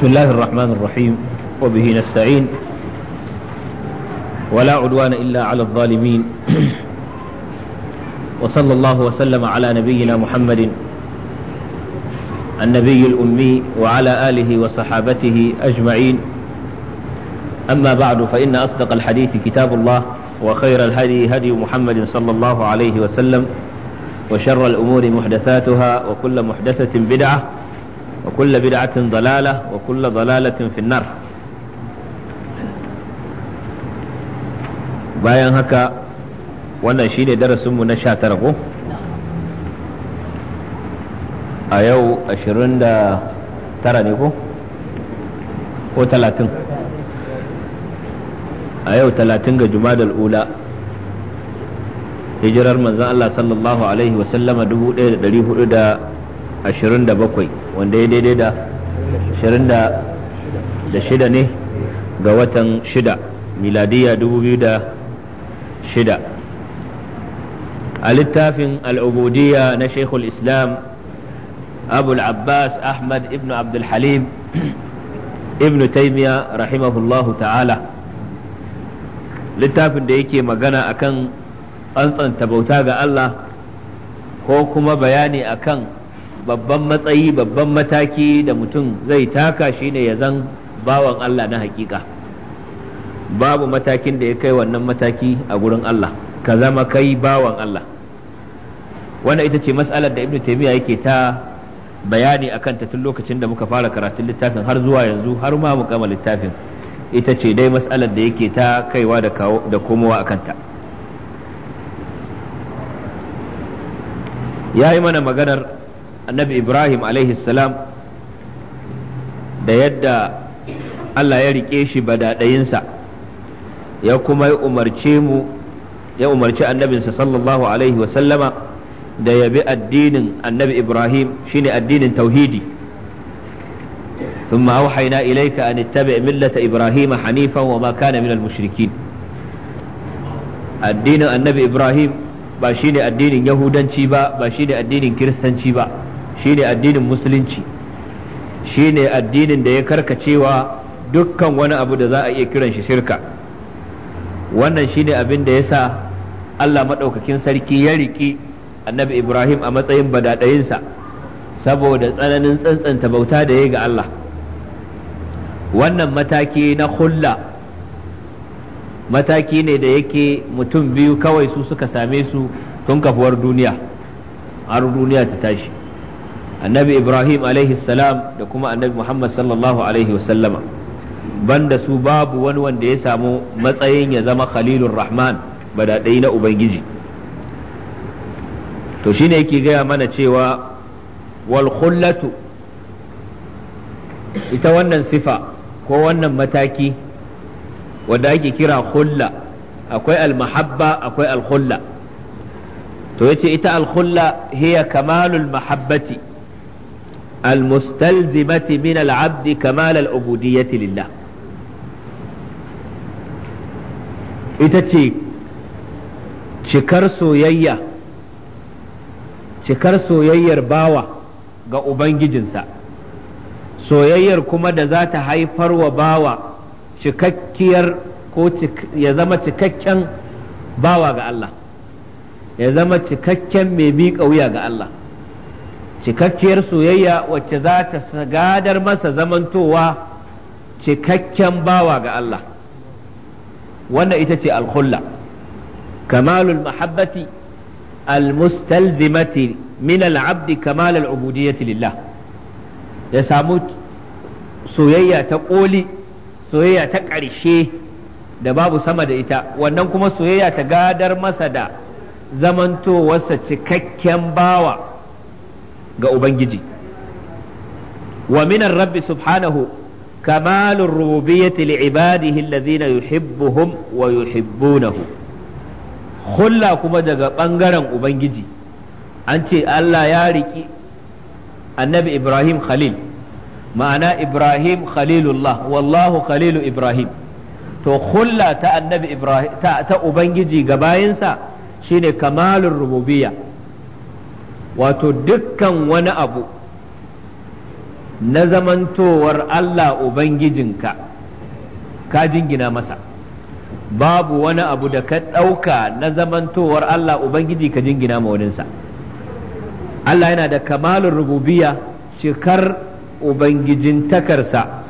بسم الله الرحمن الرحيم وبه نستعين ولا عدوان إلا على الظالمين وصلى الله وسلم على نبينا محمد النبي الأمي وعلى آله وصحابته أجمعين أما بعد فإن أصدق الحديث كتاب الله وخير الهدي هدي محمد صلى الله عليه وسلم وشر الأمور محدثاتها وكل محدثة بدعة وكل بدعة ضلالة وكل ضلالة في النار bayan haka wannan shi ne darasinmu na sha tara a yau ashirin da tara ne ko ko talatin a yau talatin ga jumadal ula hijirar manzan Allah sallallahu Alaihi wasallama da. 27 wanda ya daidai da 26 ne ga watan 6 miladiya 2006 a littafin al'ubudiyya na shekul islam abu abbas ahmad ibn abdulhalim ibn taimiya rahimahullahu ta'ala littafin da yake magana akan tsantsanta bauta ga Allah ko kuma bayani akan babban matsayi babban mataki da mutum zai taka shine ya zan bawan Allah na hakika babu matakin da ya kai wannan mataki a gurin Allah ka zama kai bawan Allah wannan ita ce mas'alar da ibnu taymiya yake ta bayani akan ta tun lokacin da muka fara karatun littafin har zuwa yanzu har ma mu kama littafin ita ce dai mas'alar da yake ta kaiwa da komowa akan ta ya yi mana maganar annabi ibrahim alaihi da yadda allah ya rike shi badaɗayinsa ya kuma ya umarci annabinsa sallallahu da ya bi addinin annabi ibrahim shine addinin tauhidi ثم أوحينا إليك أن اتبع ملة إبراهيم حنيفا وما كان من المشركين addinin annabi ibrahim ba shi ne addinin yahudanci ba ba shi ne addinin kiristanci ba shine addinin musulunci shine addinin da ya karkacewa dukkan wani abu da za a iya kiran shi shirka wannan shine abin da ya sa Allah maɗaukakin sarki ya riƙi annabi Ibrahim a matsayin badaɗayinsa saboda tsananin tsantsanta bauta da ya ga Allah wannan mataki na hulla mataki ne da yake mutum biyu kawai su suka same su tun kafuwar duniya har duniya ta tashi annabi ibrahim alaihi salam da kuma annabi muhammad sallallahu alaihi wasallama banda su babu wani wanda ya samu matsayin ya zama khalilur rahman badaɗai na ubangiji to shine yake gaya mana cewa wal khullatu ita wannan sifa ko wannan mataki wadda ake kira khulla akwai almahabba akwai alkhulla to yace ita alkhulla hiya kamalul mahabbati المستلزمة من العبد كمال العبودية لله إتتي cikar soyayya cikar soyayyar bawa ga ubangijinsa soyayyar kuma da za ta haifar wa bawa cikakkiyar ko ya zama cikakken bawa ga Allah ya zama cikakken mai miƙa wuya ga Allah cikakkiyar soyayya wacce za ta gadar masa zamantowa cikakken bawa ga Allah wannan ita ce alkhulla kamalul mahabbati almustalzimati min al'abd kamal al'ubudiyyati lillah ya samu soyayya ta koli soyayya ta ƙarshe da babu sama da ita wannan kuma soyayya ta gadar masa da zamantowarsa cikakken bawa ga ubangiji wa minan rabbi subhanahu kamalun rububiyyati li ibadihi allazina yuhibbuhum wa yuhibbunahu hulla kuma daga bangaren ubangiji an ce Allah ya riki annabi Ibrahim Khalil ma'ana Ibrahim Khalilullah wallahu Khalilu Ibrahim to hulla ta annabi Ibrahim ta, ubangiji ga bayinsa shine kamalun rububiyya wato dukkan wani abu na zamantowar Allah Ubangijinka ka jingina masa babu wani abu da ka ɗauka na zamantowar Allah Ubangiji ka jingina maulinsa Allah yana da kamalin rububiya cikar ubangijintakarsa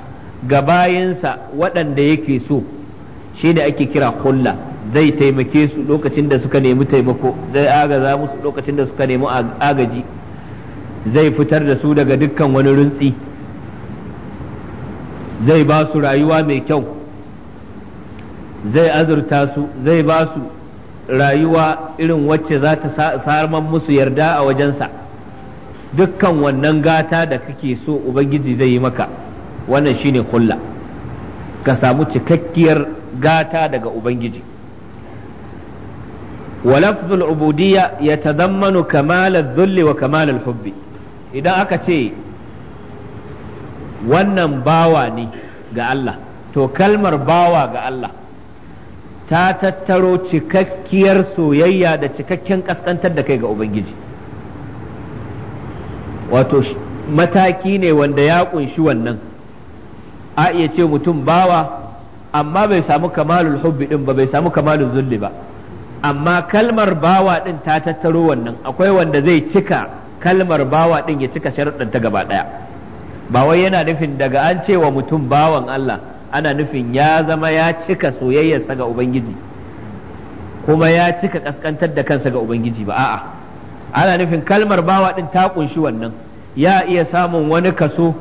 ga bayansa waɗanda yake so shi da ake kira hulla zai taimake su lokacin da suka nemi taimako zai agaza musu lokacin da suka nemi agaji zai fitar da su daga dukkan wani runtsi zai ba su rayuwa mai kyau zai azurta su zai ba su rayuwa irin wacce za ta saman musu yarda a wajensa dukkan wannan gata da kake so ubangiji zai yi maka wannan shine kulla ka samu cikakkiyar gata daga ubangiji ولفظ العبودية يتضمن كمال الذل وكمال الحب إذا أكتي wannan bawa ne ga Allah to kalmar bawa ga Allah ta tattaro cikakkiyar soyayya da cikakken kaskantar da kai ga Ubangiji wato mataki ne wanda ya kunshi wannan a iya ce mutum bawa amma bai samu kamalul hubbi ɗin ba bai samu kamalul zulli ba amma kalmar bawa ɗin ta tattaro wannan akwai wanda zai cika kalmar bawa ɗin ya cika sharuɗin ta gaba ɗaya ba wai yana nufin daga an ce wa mutum bawan Allah ana nufin ya zama ya cika soyayyarsa ga ubangiji kuma ya cika kaskantar da kansa ga ubangiji ba a'a ana nufin kalmar bawa ɗin ta ƙunshi wannan ya iya samun wani kaso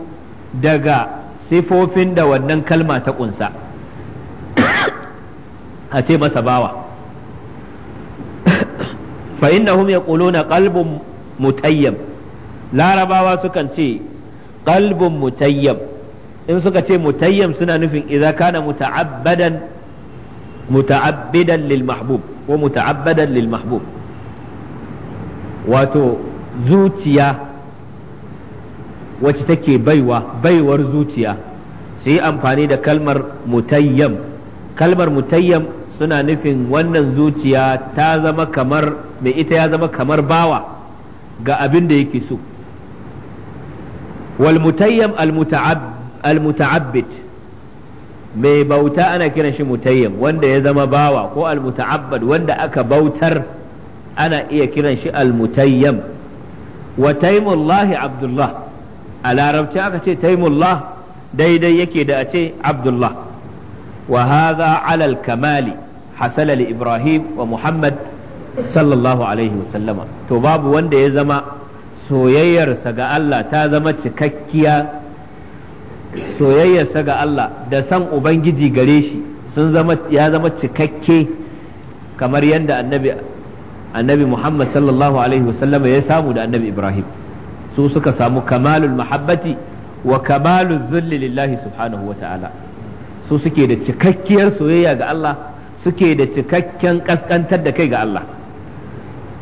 daga sifofin da wannan kalma ta kunsa a ce masa bawa fa innahum yaquluna qalbun mutayyam larabawa sukan ce qalbun mutayyam in suka ce mutayyam suna nufin idza kana muta'abbadan muta'abbidan lil mahbub wato zuciya wacce take baiwa baiwar zuciya su yi amfani da kalmar mutayyam kalmar mutayyam suna nufin wannan zuciya ta zama kamar mai ita ya zama kamar bawa ga abin da yake so wal mutayyam mai bauta ana kiran shi mutayyam wanda ya zama bawa ko almuta'abbad wanda aka bautar ana iya kiran shi almutayyam mutayyam wa taimullahi abdullah a larabci aka ce taimullah daidai yake da a ce abdullah wa hadha alal kamali hasala li ibrahim wa muhammad sallallahu alaihi wasallama to babu wanda ya zama soyayyarsa ga Allah ta zama cikakkiya soyayyarsa ga Allah da san ubangiji gare shi sun zama ya zama cikakke kamar yadda annabi annabi Muhammad sallallahu alaihi wasallama ya samu da annabi Ibrahim su suka samu kamalul mahabbati wa kamalul zulli lillahi subhanahu wa ta'ala su suke da cikakkiyar soyayya ga Allah suke da cikakken kaskantar da kai ga Allah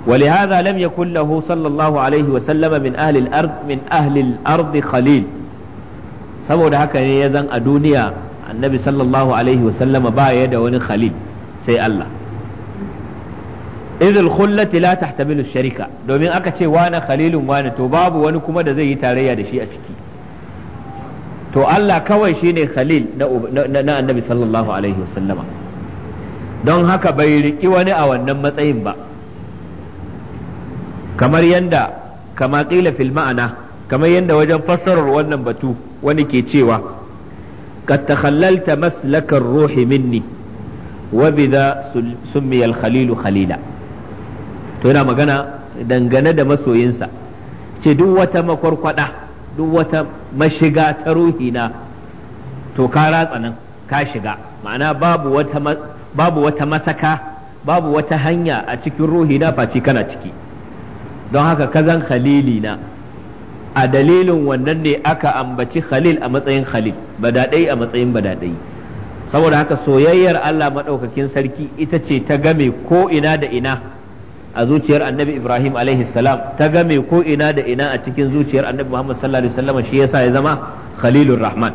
ولهذا لم يكن له صلى الله عليه وسلم من أهل الأرض من أهل الأرض saboda haka ne ya zan a duniya annabi sallallahu alaihi wasallam ba ya da wani khalil sai Allah idil khullati la tahtamilu sharika domin aka ce wani khalilun wani to babu wani kuma da zai yi tarayya da shi a ciki to Allah kawai shine khalil na annabi sallallahu alaihi wasallama don haka bai riki wani a wannan matsayin ba kamar yadda kama ƙila fil ma'ana kamar yadda wajen fassarar wannan batu wani ke cewa kad takhallalta maslakar ruhi minni wa bidha summiya khalilu khalila to yana magana dangane da masoyinsa ce duk wata makwarkwada duk wata mashiga ta ruhina to ka ratsa nan ka shiga ma'ana babu wata babu wata masaka babu wata hanya a cikin ruhi na face kana ciki don haka kazan khalili na a dalilin wannan ne aka ambaci khalil a matsayin khalil badadai a matsayin badadai saboda haka soyayyar Allah maɗaukakin sarki ita ce ta game ko ina da ina a zuciyar annabi ibrahim alaihi salam ta game ko ina da ina a cikin zuciyar annabi muhammad sallallahu alaihi wasallam shi yasa ya zama khalilur rahman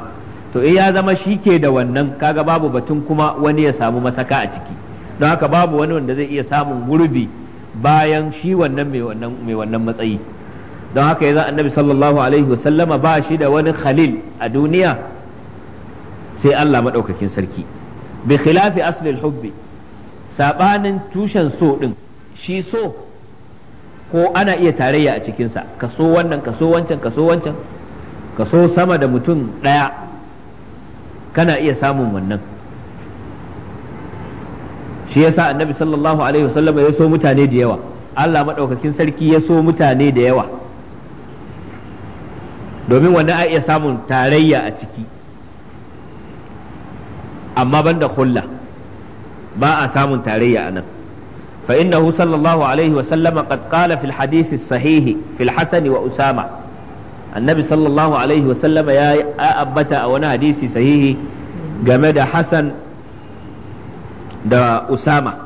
to in eh, ya zama shi ke da wannan kaga babu batun kuma wani ya samu masaka a ciki don haka babu wani wanda zai iya samun gurbi bayan shi wannan mai wannan matsayi don haka ya za annabi sallallahu alaihi wasallama ba shi da wani khalil a duniya sai Allah maɗaukakin sarki bi khilafi asalin hubbi sabanin tushen so din shi so ko ana iya tarayya a cikinsa kaso wannan kaso wancan kaso wancan kaso sama da mutum ɗaya kana iya samun wannan shi yasa annabi sallallahu alaihi wasallam ya so mutane da yawa Allah maɗaukakin sarki ya so mutane da yawa domin wannan a iya samun tarayya a ciki amma banda hulla ba a samun tarayya a nan فإنه صلى الله عليه وسلم قد قال في الحديث الصحيح في wa usama. annabi sallallahu alaihi wasallam ya yi a wani hadisi sahihi game da hasan da usama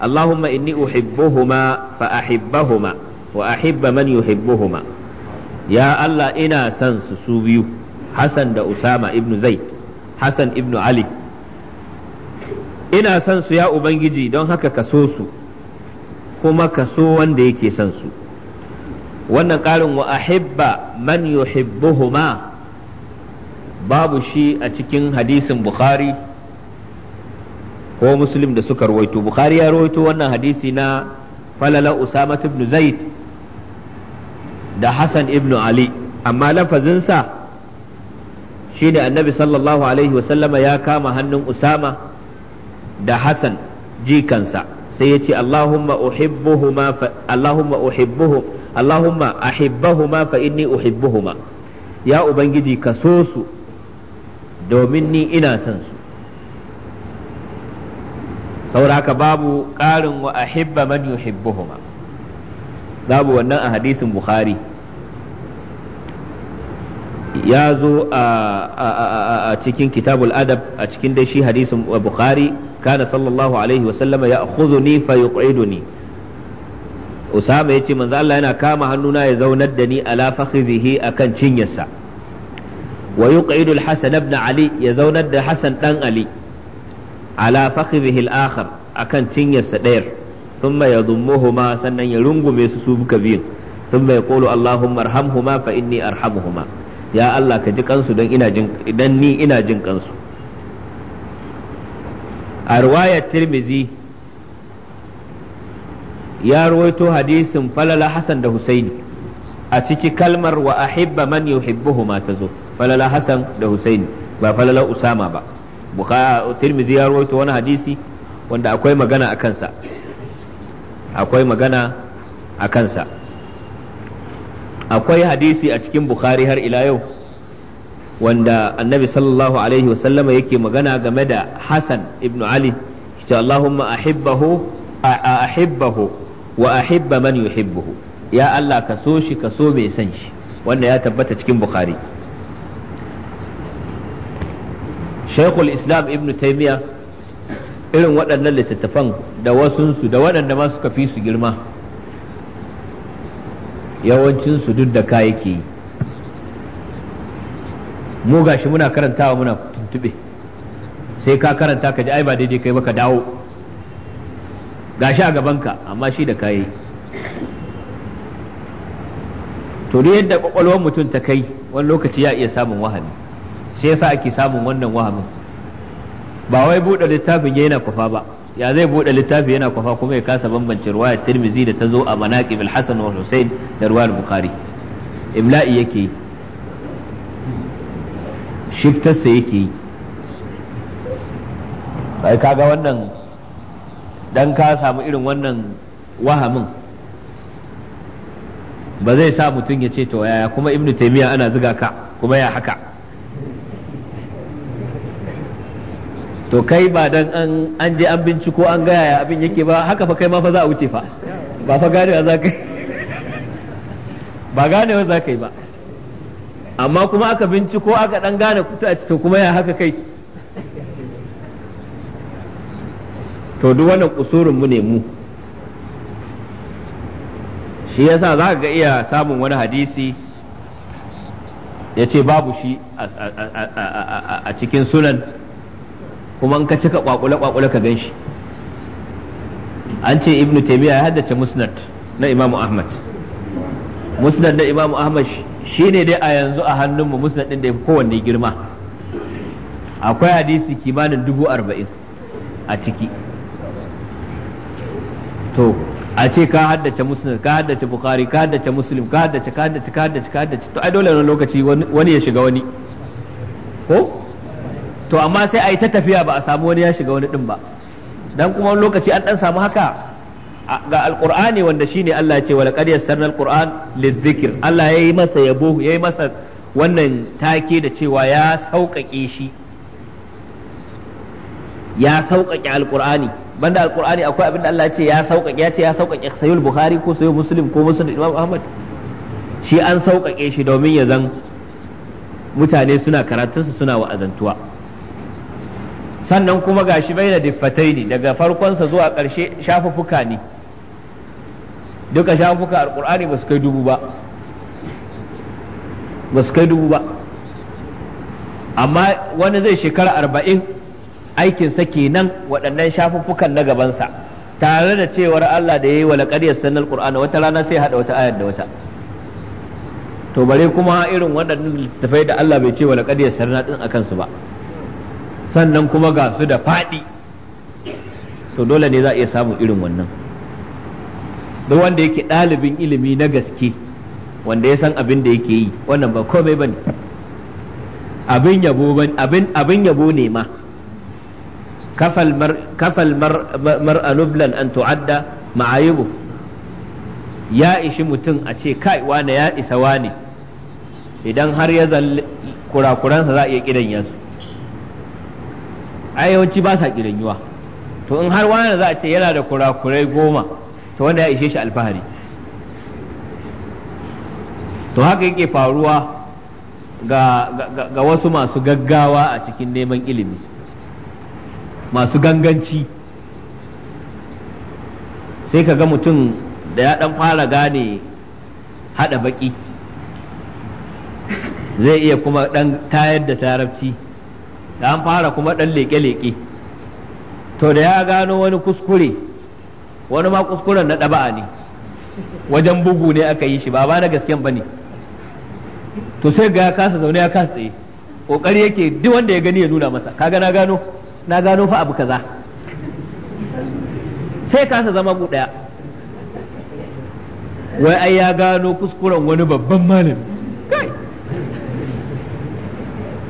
allahumma inni uhibbuhuma fa ahibbahuma wa ahibba man yuhibbuhuma ya allah ina son su biyu hasan da usama ibnu zaid hasan ibnu ali ina sansu ya ubangiji don haka ka so su kuma ka so wanda yake son su wannan ƙarin wa ahibba man yuhibbuhuma babu shi a cikin hadisin bukhari ko muslim da suka rawaito bukhari ya rawaito wannan hadisi na falala usama ibn zaid da hassan ibn ali amma lafazinsa shi da annabi sallallahu alaihi wasallama ya kama hannun usama da hassan jikansa sai ya ce allahumma uhibbuhuma allahumma uhibbuhuma Allahumma ahibbahuma fa inni uhibbuhuma ya ubangiji ka so su domin ni ina son su sauraka babu ƙarin wa ahibba man yuhibbuhuma babu wannan a hadisin bukhari ya zo a cikin kitabul adab a cikin dashi hadisin bukhari kana sallallahu alaihi wasallama ya ni fa yuqiduni usama ce manzo Allah yana kama hannuna ya zaunar da ni ala fakhizihi akan cinyarsa wa yuqidul hasan ibn ali ya zaunar da hasan dan ali ala fakhizihi al-akhar akan cinyarsa dayar thumma yadhummuhuma sannan ya rungume su su buka biyun thumma yaqulu allahumma arhamhuma fa inni arhamuhuma ya Allah ka ji kansu dan ina jin ni ina jin kansu a riwayar tirmizi ya ruwaito hadisin falala hasan da Husaini a ciki kalmar wa ahibba man ma tazo falala hasan da Husaini ba falala Usama ba Bukhari tirmizi ya ruwaito wani hadisi wanda akwai magana a kansa akwai magana a kansa akwai hadisi a cikin Bukhari har ila yau wanda annabi sallallahu alaihi wasallam yake magana game da hasan ibnu Ali cewa Allahumma ahibbahu ahibbahu wa ahibba man yuhibbuhu ya Allah ka so shi ka so mai san shi wanda ya tabbata cikin bukhari shaykhul islam ibn taymiya irin waɗannan littattafan da wasunsu da waɗanda ma suka su girma yawancinsu duk da ka yake yi mu gashi muna karantawa muna tuntube sai ka karanta ka ji ai ba daidai kai ba ka dawo gashi a gabanka amma shi da kayi to duk yadda kwakwalwar mutum ta kai wani lokaci ya iya samun wahami shi yasa ake samun wannan wahamin ba wai buɗe littafin yana kwafa ba ya zai buɗe littafi yana kwafa kuma ya kasa bambance ruwayar tirmizi da ta zo a manaqib al-hasan wa husain da ruwayar bukhari imla'i yake yi shiftarsa yake yi bai kaga wannan dan ka samu irin wannan wahamin ba zai sa mutum ya ce to yaya kuma ibn taymiya ana ziga ka kuma ya haka to kai ba dan an an je an binciko an ga yaya abin yake ba haka fa kai ma fa za a wuce fa ba fa ganewa za ka ba ganewa za ka yi ba amma kuma aka binciko aka dan gane kuta a to kuma ya haka kai to duk wannan kusurin mu ne mu shi yasa za ga iya samun wani hadisi ya ce babu shi a cikin sunan kuma in ka cika kwakule-kwakule ka gan shi an ce ibnu taimiyya ya haddace musnad na imamu ahmad musnad na imamu ahmad shi ne dai a yanzu a hannunmu musnad ɗin da ya fi kowanne girma akwai hadisi kimanin dubu arba'in a ciki to a ce ka haddace musulun ka haddace bukari ka haddace muslim ka haddace ka haddace ka haddace ka haddace to ai dole wani lokaci wani ya shiga wani ko to amma sai a yi ta tafiya ba a samu wani ya shiga wani din ba dan kuma wani lokaci an dan samu haka ga alqur'ani wanda shine Allah ya ce wala qad yassarna alquran lizikr Allah yayi masa yabo yayi masa wannan take da cewa ya sauƙaƙe shi ya sauƙaƙe alqur'ani banda alqur'ani akwai abin da Allah ya ce ya sauƙaƙe ya ce ya sauƙaƙe sayyid bukhari ko sayyid muslim ko muslim imam ahmad shi an sauƙaƙe shi domin ya zan mutane suna karatunsa suna wa'azantuwa sannan kuma gashi bai da diffatai ne daga farkonsa zuwa ƙarshe shafuffuka ne duka shafuffuka alƙur'ani ba su kai dubu ba ba su kai dubu ba amma wani zai shekara arba'in aikinsa kenan waɗannan shafuffukan na gabansa tare da cewar Allah da yayi walaqad sannan qur'ana wata rana sai hada wata ayar da wata to bare kuma irin waɗannan littattafai da Allah bai ce walaqad sannan din akan su ba sannan kuma ga su da faɗi to dole ne za a iya samun irin wannan duk wanda yake ɗalibin ilimi na gaske wanda ya san abin da yake yi wannan ba komai bane abin yabo abin abin yabo ne ma kafal mar mar'a nublan an tu'adda ma'ayibu ya ishi mutum a ce kai wane ya isa wane idan har ya zalle kurakuransa za a iya kidan su yawanci ba sa kidanyuwa to in har wani za a ce yana da kurakurai goma to wanda ya ishe shi alfahari to haka yake faruwa ga, ga wasu masu gaggawa a cikin neman ilimi masu ganganci sai ka ga mutum da ya ɗan fara gane haɗa baƙi zai iya kuma ɗan tayar da tarabci da an fara kuma ɗan leƙe-leƙe to da ya gano wani kuskure wani ma kuskuren na ɗaba'a ne wajen bugu ne aka yi shi ba ba na gasken ba ne to sai ga ya kasa zaune ya kasa tsaye ƙoƙari yake duk wanda ya gani ya nuna masa kaga na gano na gano fa abu kaza sai kasa zama ku daya wai ai ya gano kuskuren wani babban malami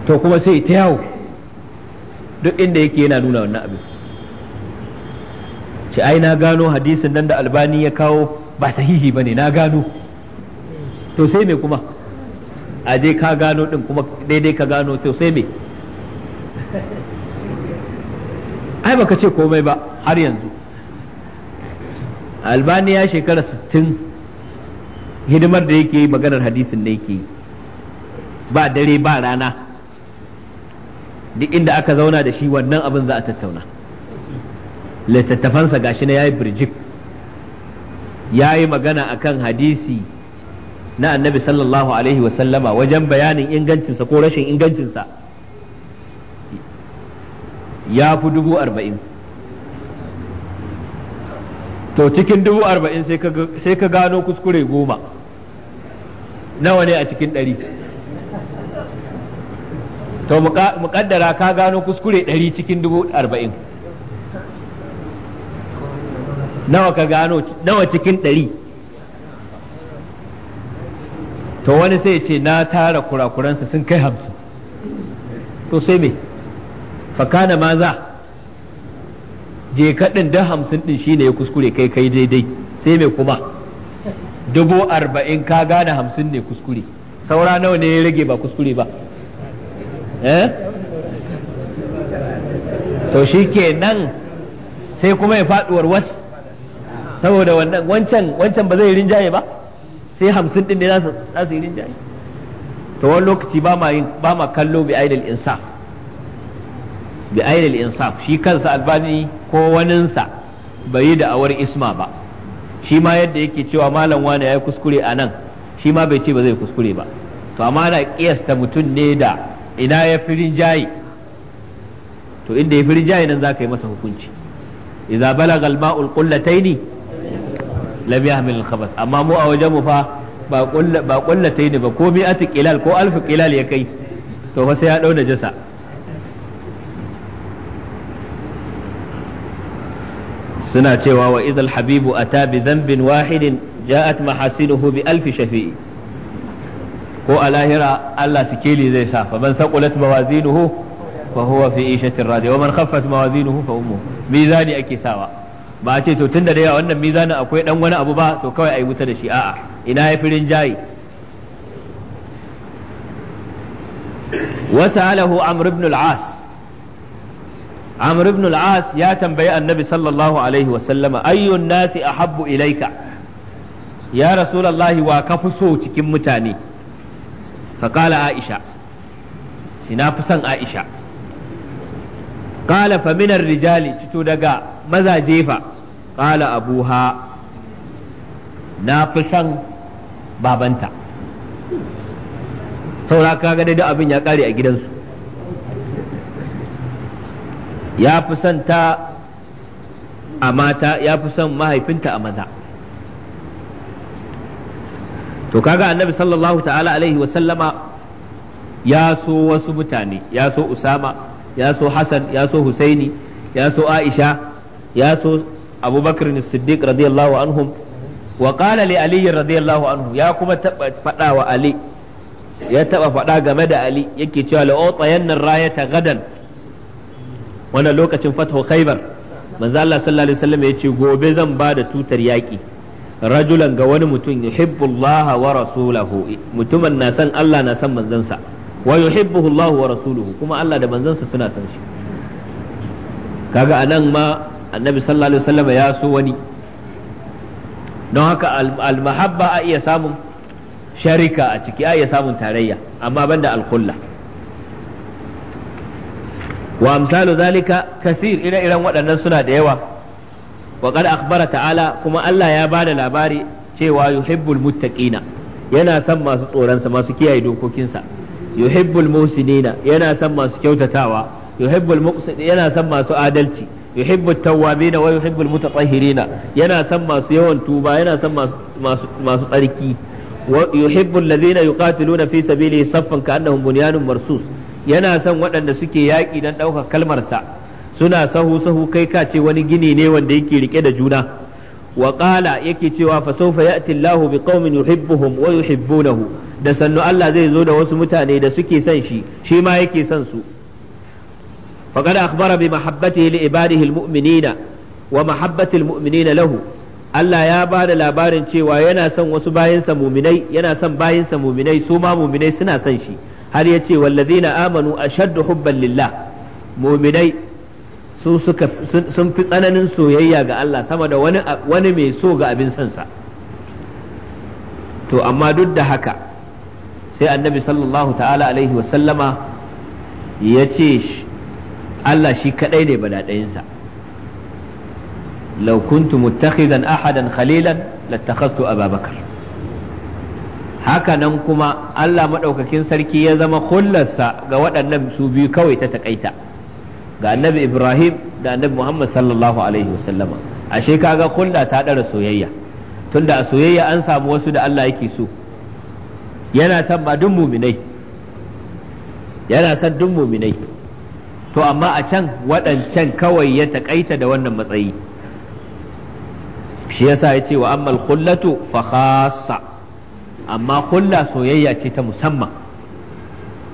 to kuma sai ta yawo duk inda yake yana nuna wannan abin ce ai na gano hadisin nan da albani ya kawo ba sahihi ba ne na gano to sai me kuma a je ka gano din kuma daidai ka gano to sai me ai baka ce komai ba har yanzu albani ya shekara 60 hidimar da yake maganar hadisin da yake ba dare ba rana duk inda aka zauna da shi wannan abin za a tattauna littattafansa gashi na yayi birjik ya yi magana akan hadisi na annabi sallallahu alaihi wasallama wajen bayanin ingancinsa ko rashin ingancinsa ya fi dubu arba'in to cikin dubu arba'in sai ka gano kuskure goma nawa ne a cikin ɗari to muƙaddara ka gano kuskure ɗari cikin dubu arba'in nawa ka gano nawa cikin ɗari to wani sai ce na tara kurakuransa sun kai hamsin to sai me fakana maza je kaɗin da hamsin ɗin ne ya kuskure kai kai daidai sai mai kuma dubu arba'in ka gane hamsin ne kuskure saura nawa ne ya rage ba kuskure ba eh to shi ke nan sai kuma ya faɗuwar wasu saboda wannan wancan wancan ba zai yi rinjaye ba sai hamsin ɗin ne za su yi rinjaye to wani lokaci ba ma kallo bi aidil insaf bi ainil insaf shi kansa albani ko waninsa bai yi da'awar isma ba shi ma yadda yake cewa malam wani ya yi kuskure a nan shi ma bai ce ba zai kuskure ba to amma na kiyasta mutum ne da ina ya firin jayi to inda ya firin jayi nan za ka yi masa hukunci idza balaga al-ma'ul qullataini lam yahmil khabas amma mu a wajen mu fa ba qullataini ba ko mi'atu qilal ko alf qilal ya kai to fa sai ya dauna jasa suna cewa wa izal habibu a tabi zambin wahidin ja'at mahasinuhu bi alfi shafi'i ko a lahira Allah keli zai sa fa ban saqulat mawazinuhu fa huwa fi ishatin radiya wa man khaffat mawazinuhu fa ummu mizani ake sawa ba a ce to tunda da wannan mizanin akwai dan wani abu ba to kawai ayi wuta da shi a'a ina ya firin jayi وسأله عمرو بن العاص amr ibn al ya tambayi annabi sallallahu alaihi wa sallama ayyun nasi ahabbu ilaika ya rasulullahi wa ka cikin mutane fa qala aisha shi na aisha qala fa rijali cito daga mazaje fa qala abuha na fi saura kaga dai abin ya kare a gidansu ya fi son ta a mata ya fi son mahaifinta a maza to kaga annabi sallallahu ta'ala alaihi wasallama ya so wasu mutane ya so usama ya so hassan ya so husaini ya so aisha ya so abubakar siddiq radiyallahu anhum wa qala li ali radiyallahu anhu ya kuma taba fada wa ali ya taba fada game da ali yake cewa la utayanna rayata gadan wannan lokacin fatah khaybar manzo Allah sallallahu alaihi wasallam ya ce gobe zan ba da tutar yaki rajulan ga wani mutum yuhibbullaha wa rasuluhu mutumin na san Allah na san manzansa wa yuhibbuhu Allah wa rasuluhu kuma Allah da manzansa suna san shi kaga anan ma annabi sallallahu alaihi wasallam ya so wani don haka al-mahabba a iya samun sharika a ciki a iya samun tarayya amma banda al-khulla wa amsalu zalika kasir ire-iren waɗannan suna da yawa wa qad akhbara ta'ala kuma Allah ya bada labari cewa yuhibbul muttaqina yana san masu tsoronsa masu kiyaye dokokinsa yuhibbul musinina yana san masu kyautatawa yuhibbul muqsit yana san masu adalci yuhibbut tawwabina wa yuhibbul mutatahhirina yana san masu yawan tuba yana san masu masu tsarki yuhibbul ladina yuqatiluna fi sabilihi saffan ka'annahum bunyanun marsus yana son waɗanda suke yaƙi don ɗaukar kalmarsa suna sahu sahu kai ka ce wani gini ne wanda yake rike da juna wa qala yake cewa fa sawfa ya'ti Allahu bi qaumin yuhibbuhum wa yuhibbunahu da sannu Allah zai zo da wasu mutane da suke son shi shi ma yake son su faqad akhbara bi mahabbatihi li ibadihi almu'minina wa mahabbati almu'minina lahu Allah ya ba da labarin cewa yana son wasu bayansa muminai yana son bayansa muminai su ma muminai suna son shi har ya ce wallazina amanu ashaddu hubban lillah muminai sun fi tsananin soyayya ga Allah sama da wani mai so ga abin sansa to amma duk da haka sai annabi sallallahu ta'ala alaihi ya ce Allah shi kadai ne badaɗayinsa لو كنت متخذا أحدا خليلا لاتخذت أبا بكر haka nan kuma Allah maɗaukakin sarki ya zama hullarsa ga waɗannan su biyu kawai ta takaita ga annabi Ibrahim da annabi Muhammad sallallahu alaihi wasallama ashe kaga hulla ta ɗara soyayya tunda a soyayya an samu wasu da Allah yake so yana son ba duk muminai yana son duk muminai to amma a can waɗancan kawai ya takaita da wannan matsayi shi yasa ya ce wa ammal khullatu fa khassa amma kulla soyayya ce ta musamman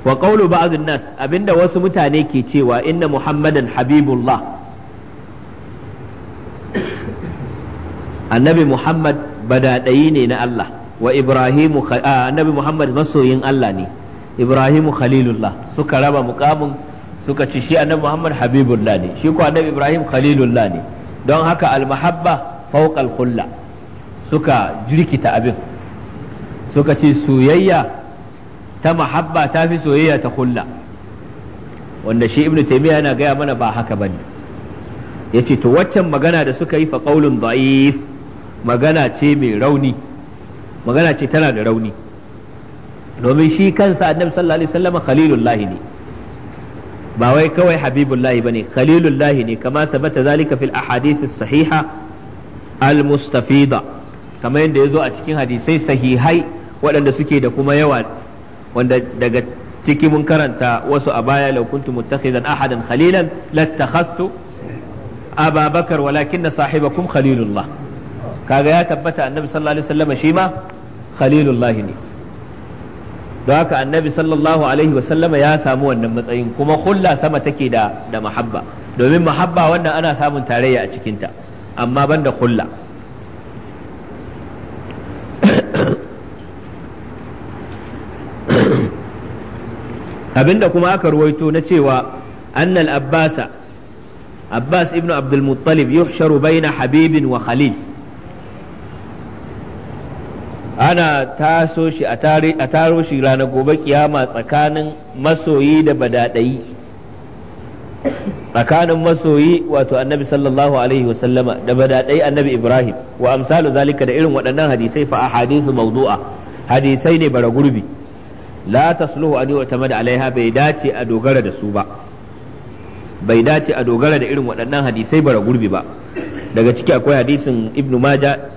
wa qawlu ba'dun nas abinda wasu mutane ke cewa inna muhammadan habibullah annabi muhammad badadayi ne na Allah wa ibrahimu annabi muhammad masoyin Allah ne ibrahimu khalilullah suka raba mukamin suka ci shi annabi muhammad habibullah ne shi ko annabi ibrahim khalilullah ne don haka al almahabba fawqa alkhulla suka jirkita abin suka ce soyayya ta mahabba ta fi soyayya ta hulla wanda shi ibnu taymiya yana gaya mana ba haka ya yace to waccan magana da suka yi fa qaulun da'if magana ce mai rauni magana ce tana da rauni domin shi kansa annabi sallallahu alaihi wasallam khalilullahi ne ba wai kawai habibullahi bane khalilullahi ne kama sabata zalika fil ahadith as-sahiha al-mustafida kamar yadda yazo a cikin hadisai sahihai waɗanda suke da kuma yawa wanda daga ciki mun karanta wasu a baya law kuntu muttakhidan ahadan khalilan lattakhastu Aba Bakar walakin na sahibakum khalilullah kaga ya tabbata annabi sallallahu alaihi wasallam shi ma khalilullah ne don haka annabi sallallahu alaihi wasallama ya samu wannan matsayin kuma hulla sama take da da mahabba domin mahabba wannan ana samun tarayya a cikinta amma banda hulla abinda kuma aka ruwaito na cewa annal abbasa abbas ibnu abdul muttalib yuhsharu baina habibin wa khalil ana taso shi a taro shi ranar gobe kiyama tsakanin masoyi da badadayi tsakanin masoyi wato annabi sallallahu alaihi wasallama da badadai annabi ibrahim wa amsalu zalika da irin waɗannan hadisai fa hadisu maudu'a hadisai ne bara gurbi la tasluhu an yu'tamada alaiha bai dace a dogara da su ba bai dace a dogara da irin waɗannan hadisai bara gurbi ba daga ciki akwai hadisin ibnu maja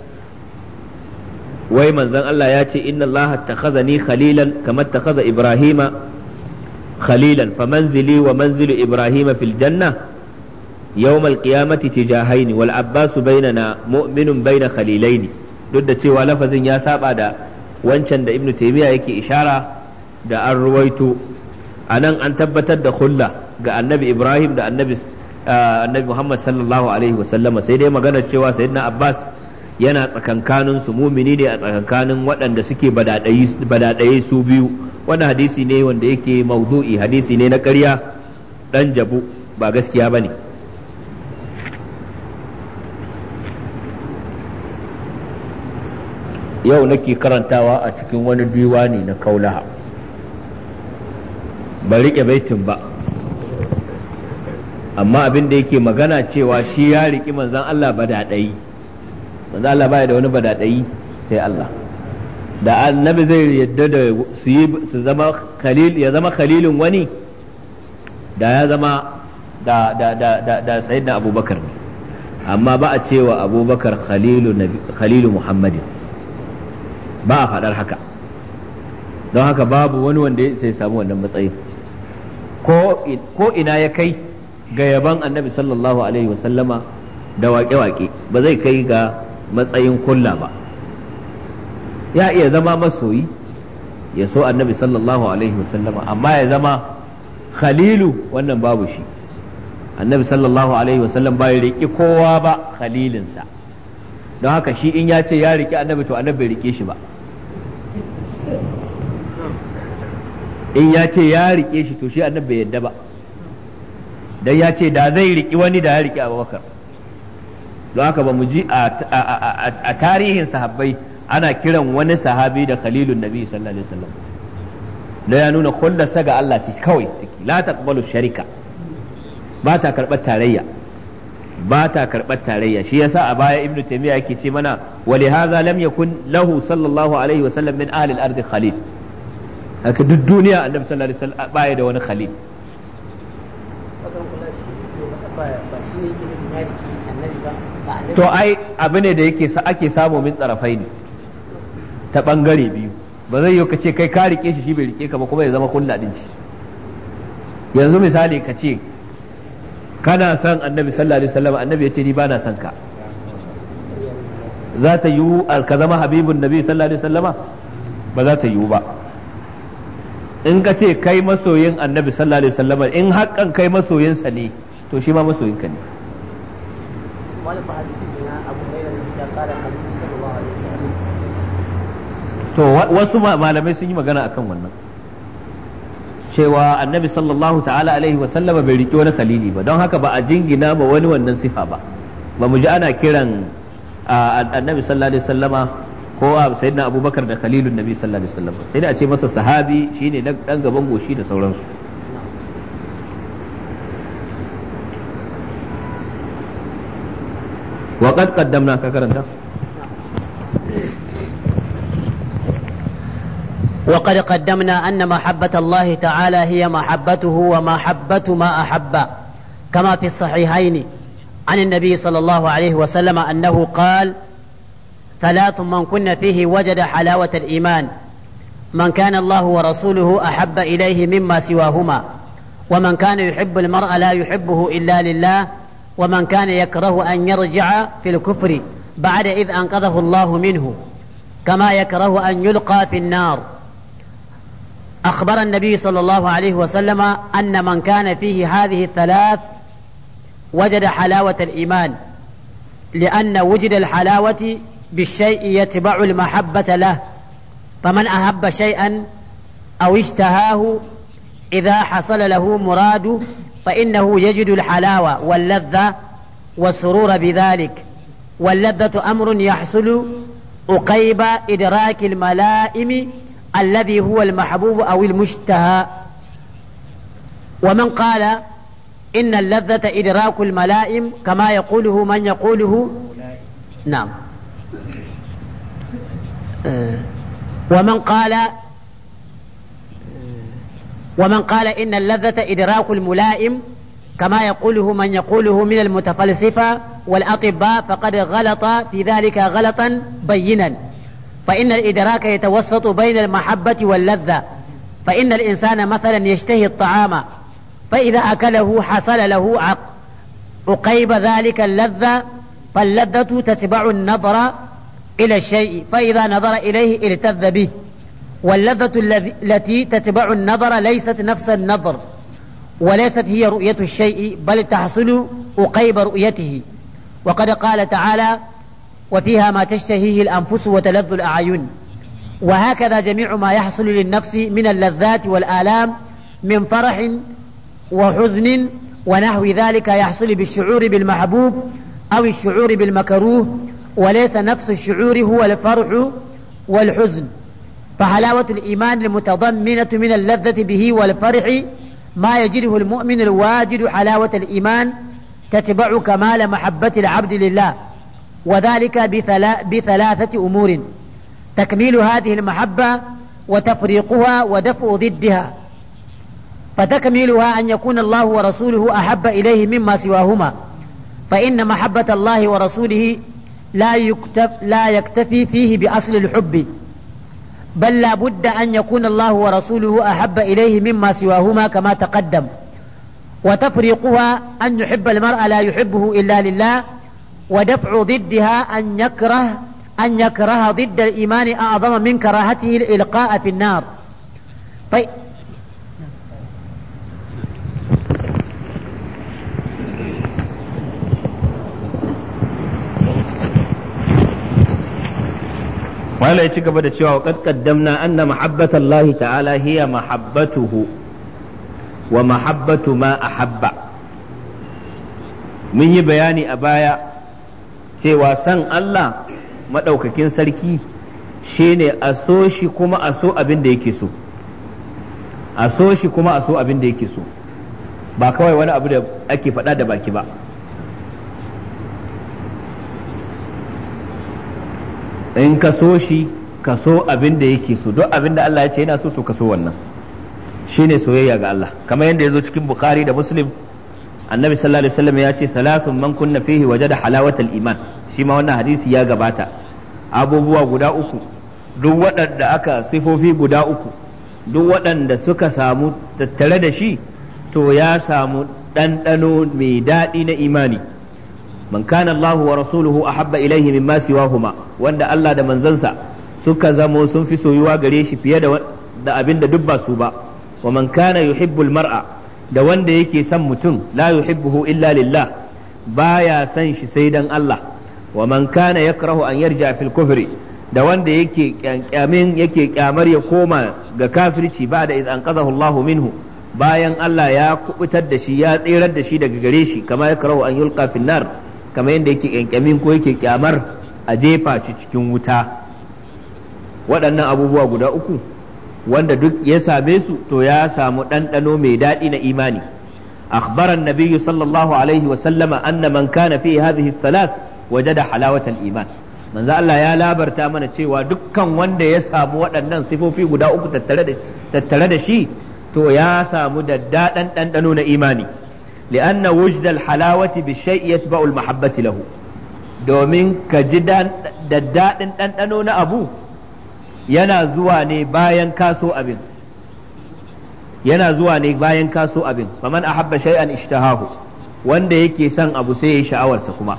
wai manzon Allah ya ce inna Allah takhazani khalilan kamar takhaza ibrahima khalilan fa manzili wa manzilu ibrahima fil janna يوم القيامة wal والعباس بيننا مؤمن بين ne duk da cewa lafazin ya saba da wancan da ibnu taymiya yake ishara da an ruwaito a nan an tabbatar da hulla ga annabi ibrahim da ah, annabi muhammad sallallahu alaihi wasallama sai dai maganar cewa sayyidina abbas yana tsakankanin su mumini ne a tsakankanin waɗanda suke badaɗaye su biyu wani hadisi ne wanda yake maudu'i hadisi ne na ƙarya ɗan jabu ba gaskiya ba ne yau nake karantawa a cikin wani diwani na kaulaha ba riƙe baitin ba amma abin da yake magana cewa shi ya riƙi manzan Allah badaɗayi manzan Allah baya da wani badaɗayi sai Allah da annabi zai yadda da su zama khalil ya zama khalilin wani da ya zama da da da da, da sayyidina abubakar ne amma ba a cewa abubakar khalilu khalilu muhammadin ba a faɗar haka don haka babu wani wanda sai samu wannan matsayin ko ina ya kai ga yaban annabi sallallahu alaihi wasallama da waƙe-waƙe ba zai kai ga matsayin kulla ba ya iya zama masoyi ya so annabi sallallahu alaihi wasallama amma ya zama khalilu wannan babu shi annabi sallallahu alaihi wasallam bai riƙi kowa ba khalilinsa don haka shi in ya ce ya riƙi annabi to annabi bai riƙe shi ba in ya ce ya rike shi to shi annabi bai yadda ba dan ya ce da zai riki wani da ya riki abubakar don haka ba mu ji a tarihin sahabbai ana kiran wani sahabi da khalilun nabi sallallahu alaihi wasallam da ya nuna khullasa ga Allah ci kawai take la taqbalu sharika ba ta karbar tarayya ba ta karbar tarayya shi yasa a baya ibnu taymiya yake ce mana wa li hadha lam yakun lahu sallallahu alaihi wasallam min ahli al-ard khalil haka duk duniya annabi sallallahu alaihi wasallam baya da wani khalil to ai abu ne da yake ake samu min tsarafai ne ta bangare biyu ba zai yi kace kai ka rike shi shi bai rike ka ba kuma ya zama kulla din ci yanzu misali ka ce kana son annabi sallallahu alaihi wasallam annabi ya ce ni bana son ka za ta yiwu ka zama habibun nabi sallallahu alaihi wasallama ba za ta yiwu ba in ka ce kai masoyin annabi sallallahu alaihi wasallam in hakan kai masoyinsa ne to shi ma masoyinka ne to wasu malamai sun yi magana akan wannan cewa annabi sallallahu ta'ala alaihi wa sallama bai riƙe wani salili ba don haka ba a jingina ba wani wannan sifa ba ba mu ji ana kiran annabi sallallahu alaihi wasallama kowa sai na abubakar da khalilun nabi sallallahu alaihi wasallam sai da a ce masa sahabi shine dan gaban goshi da sauransu wa qad qaddamna ka karanta وقد قدمنا أن محبة الله تعالى هي محبته ومحبة ما أحب كما في الصحيحين عن النبي صلى الله عليه وسلم أنه قال ثلاث من كن فيه وجد حلاوة الإيمان من كان الله ورسوله أحب إليه مما سواهما ومن كان يحب المرء لا يحبه إلا لله ومن كان يكره أن يرجع في الكفر بعد إذ أنقذه الله منه كما يكره أن يلقى في النار أخبر النبي صلى الله عليه وسلم أن من كان فيه هذه الثلاث وجد حلاوة الإيمان لأن وجد الحلاوة بالشيء يتبع المحبة له فمن أحب شيئا أو اشتهاه إذا حصل له مراد فإنه يجد الحلاوة واللذة والسرور بذلك واللذة أمر يحصل أقيب إدراك الملائم الذي هو المحبوب أو المشتهى ومن قال إن اللذة إدراك الملائم كما يقوله من يقوله نعم آه. ومن قال آه. ومن قال إن اللذة إدراك الملائم كما يقوله من يقوله من المتفلسفة والأطباء فقد غلط في ذلك غلطا بينا فإن الإدراك يتوسط بين المحبة واللذة فإن الإنسان مثلا يشتهي الطعام فإذا أكله حصل له عق أقيب ذلك اللذة فاللذة تتبع النظر إلى الشيء فإذا نظر إليه التذ به واللذة التي تتبع النظر ليست نفس النظر وليست هي رؤية الشيء بل تحصل أقيب رؤيته وقد قال تعالى وفيها ما تشتهيه الأنفس وتلذ الأعين وهكذا جميع ما يحصل للنفس من اللذات والآلام من فرح وحزن ونحو ذلك يحصل بالشعور بالمحبوب أو الشعور بالمكروه وليس نقص الشعور هو الفرح والحزن فحلاوة الإيمان المتضمنة من اللذة به والفرح ما يجده المؤمن الواجد حلاوة الإيمان تتبع كمال محبة العبد لله وذلك بثلا بثلاثة أمور تكميل هذه المحبة وتفريقها ودفع ضدها فتكميلها أن يكون الله ورسوله أحب إليه مما سواهما فإن محبة الله ورسوله لا, يكتف لا يكتفي فيه بأصل الحب بل لا بد أن يكون الله ورسوله أحب إليه مما سواهما كما تقدم وتفريقها أن يحب المرأة لا يحبه إلا لله ودفع ضدها أن يكره أن يكره ضد الإيمان أعظم من كراهته الإلقاء في النار طيب، malai ci gaba da cewa wa qaddamna anna mahabbata Allah ta'ala hiya mahabbatuhu wa mahabbatu ma ahabba mun yi bayani a baya cewa san Allah madaukakin sarki shine a so shi kuma a so abin da yake so a so shi kuma a so abin da yake so ba kawai wani abu da ake faɗa da baki ba in ka so shi ka so abin da yake so duk abin da Allah ya ce yana so to ka so wannan shine soyayya ga Allah kamar yadda zo cikin Bukhari da Muslim annabi sallallahu alaihi wasallam ya ce salasun man kunna fihi wajada halawatal iman shi ma wannan hadisi ya gabata abubuwa guda uku duk waɗanda aka sifofi guda uku duk waɗanda suka samu tattare da shi to ya samu ɗanɗano mai daɗi na imani man kana Allah wa rasuluhu ahabba ilaihi mimma siwahuma wanda Allah da manzansa suka zamo sun fi soyuwa gare shi fiye da da abin duk ba su ba wa man kana yuhibbul mar'a da wanda yake son mutum la yuhibbuhu illa lillah baya son shi sai dan Allah wa man kana yakrahu an yarja fil kufri da wanda yake kyankyamin yake kyamar ya koma ga kafirci ba da idan qazahu Allah minhu bayan Allah ya kubutar da shi ya tserar da shi daga gare shi kama yakrahu an yulqa fil nar kamar yadda yake kyankyamin ko yake kyamar a jefa shi cikin wuta waɗannan abubuwa guda uku wanda duk ya same su to ya samu ɗanɗano mai daɗi na imani akhbaran nabiyyu sallallahu alaihi wa sallama anna man kana fi hadhihi thalath wajada halawatan iman manzo Allah ya labarta mana cewa dukkan wanda ya samu waɗannan sifofi guda uku tattare da shi to ya samu daddaɗan ɗanɗano na imani لأن وجد الحلاوة بالشيء يتبع المحبة له domin ka ji daddaɗin ɗanɗano na abu yana zuwa ne bayan kaso abin yana zuwa ne bayan kaso abin ahabba wanda yake son abu sai yayi sha'awarsa kuma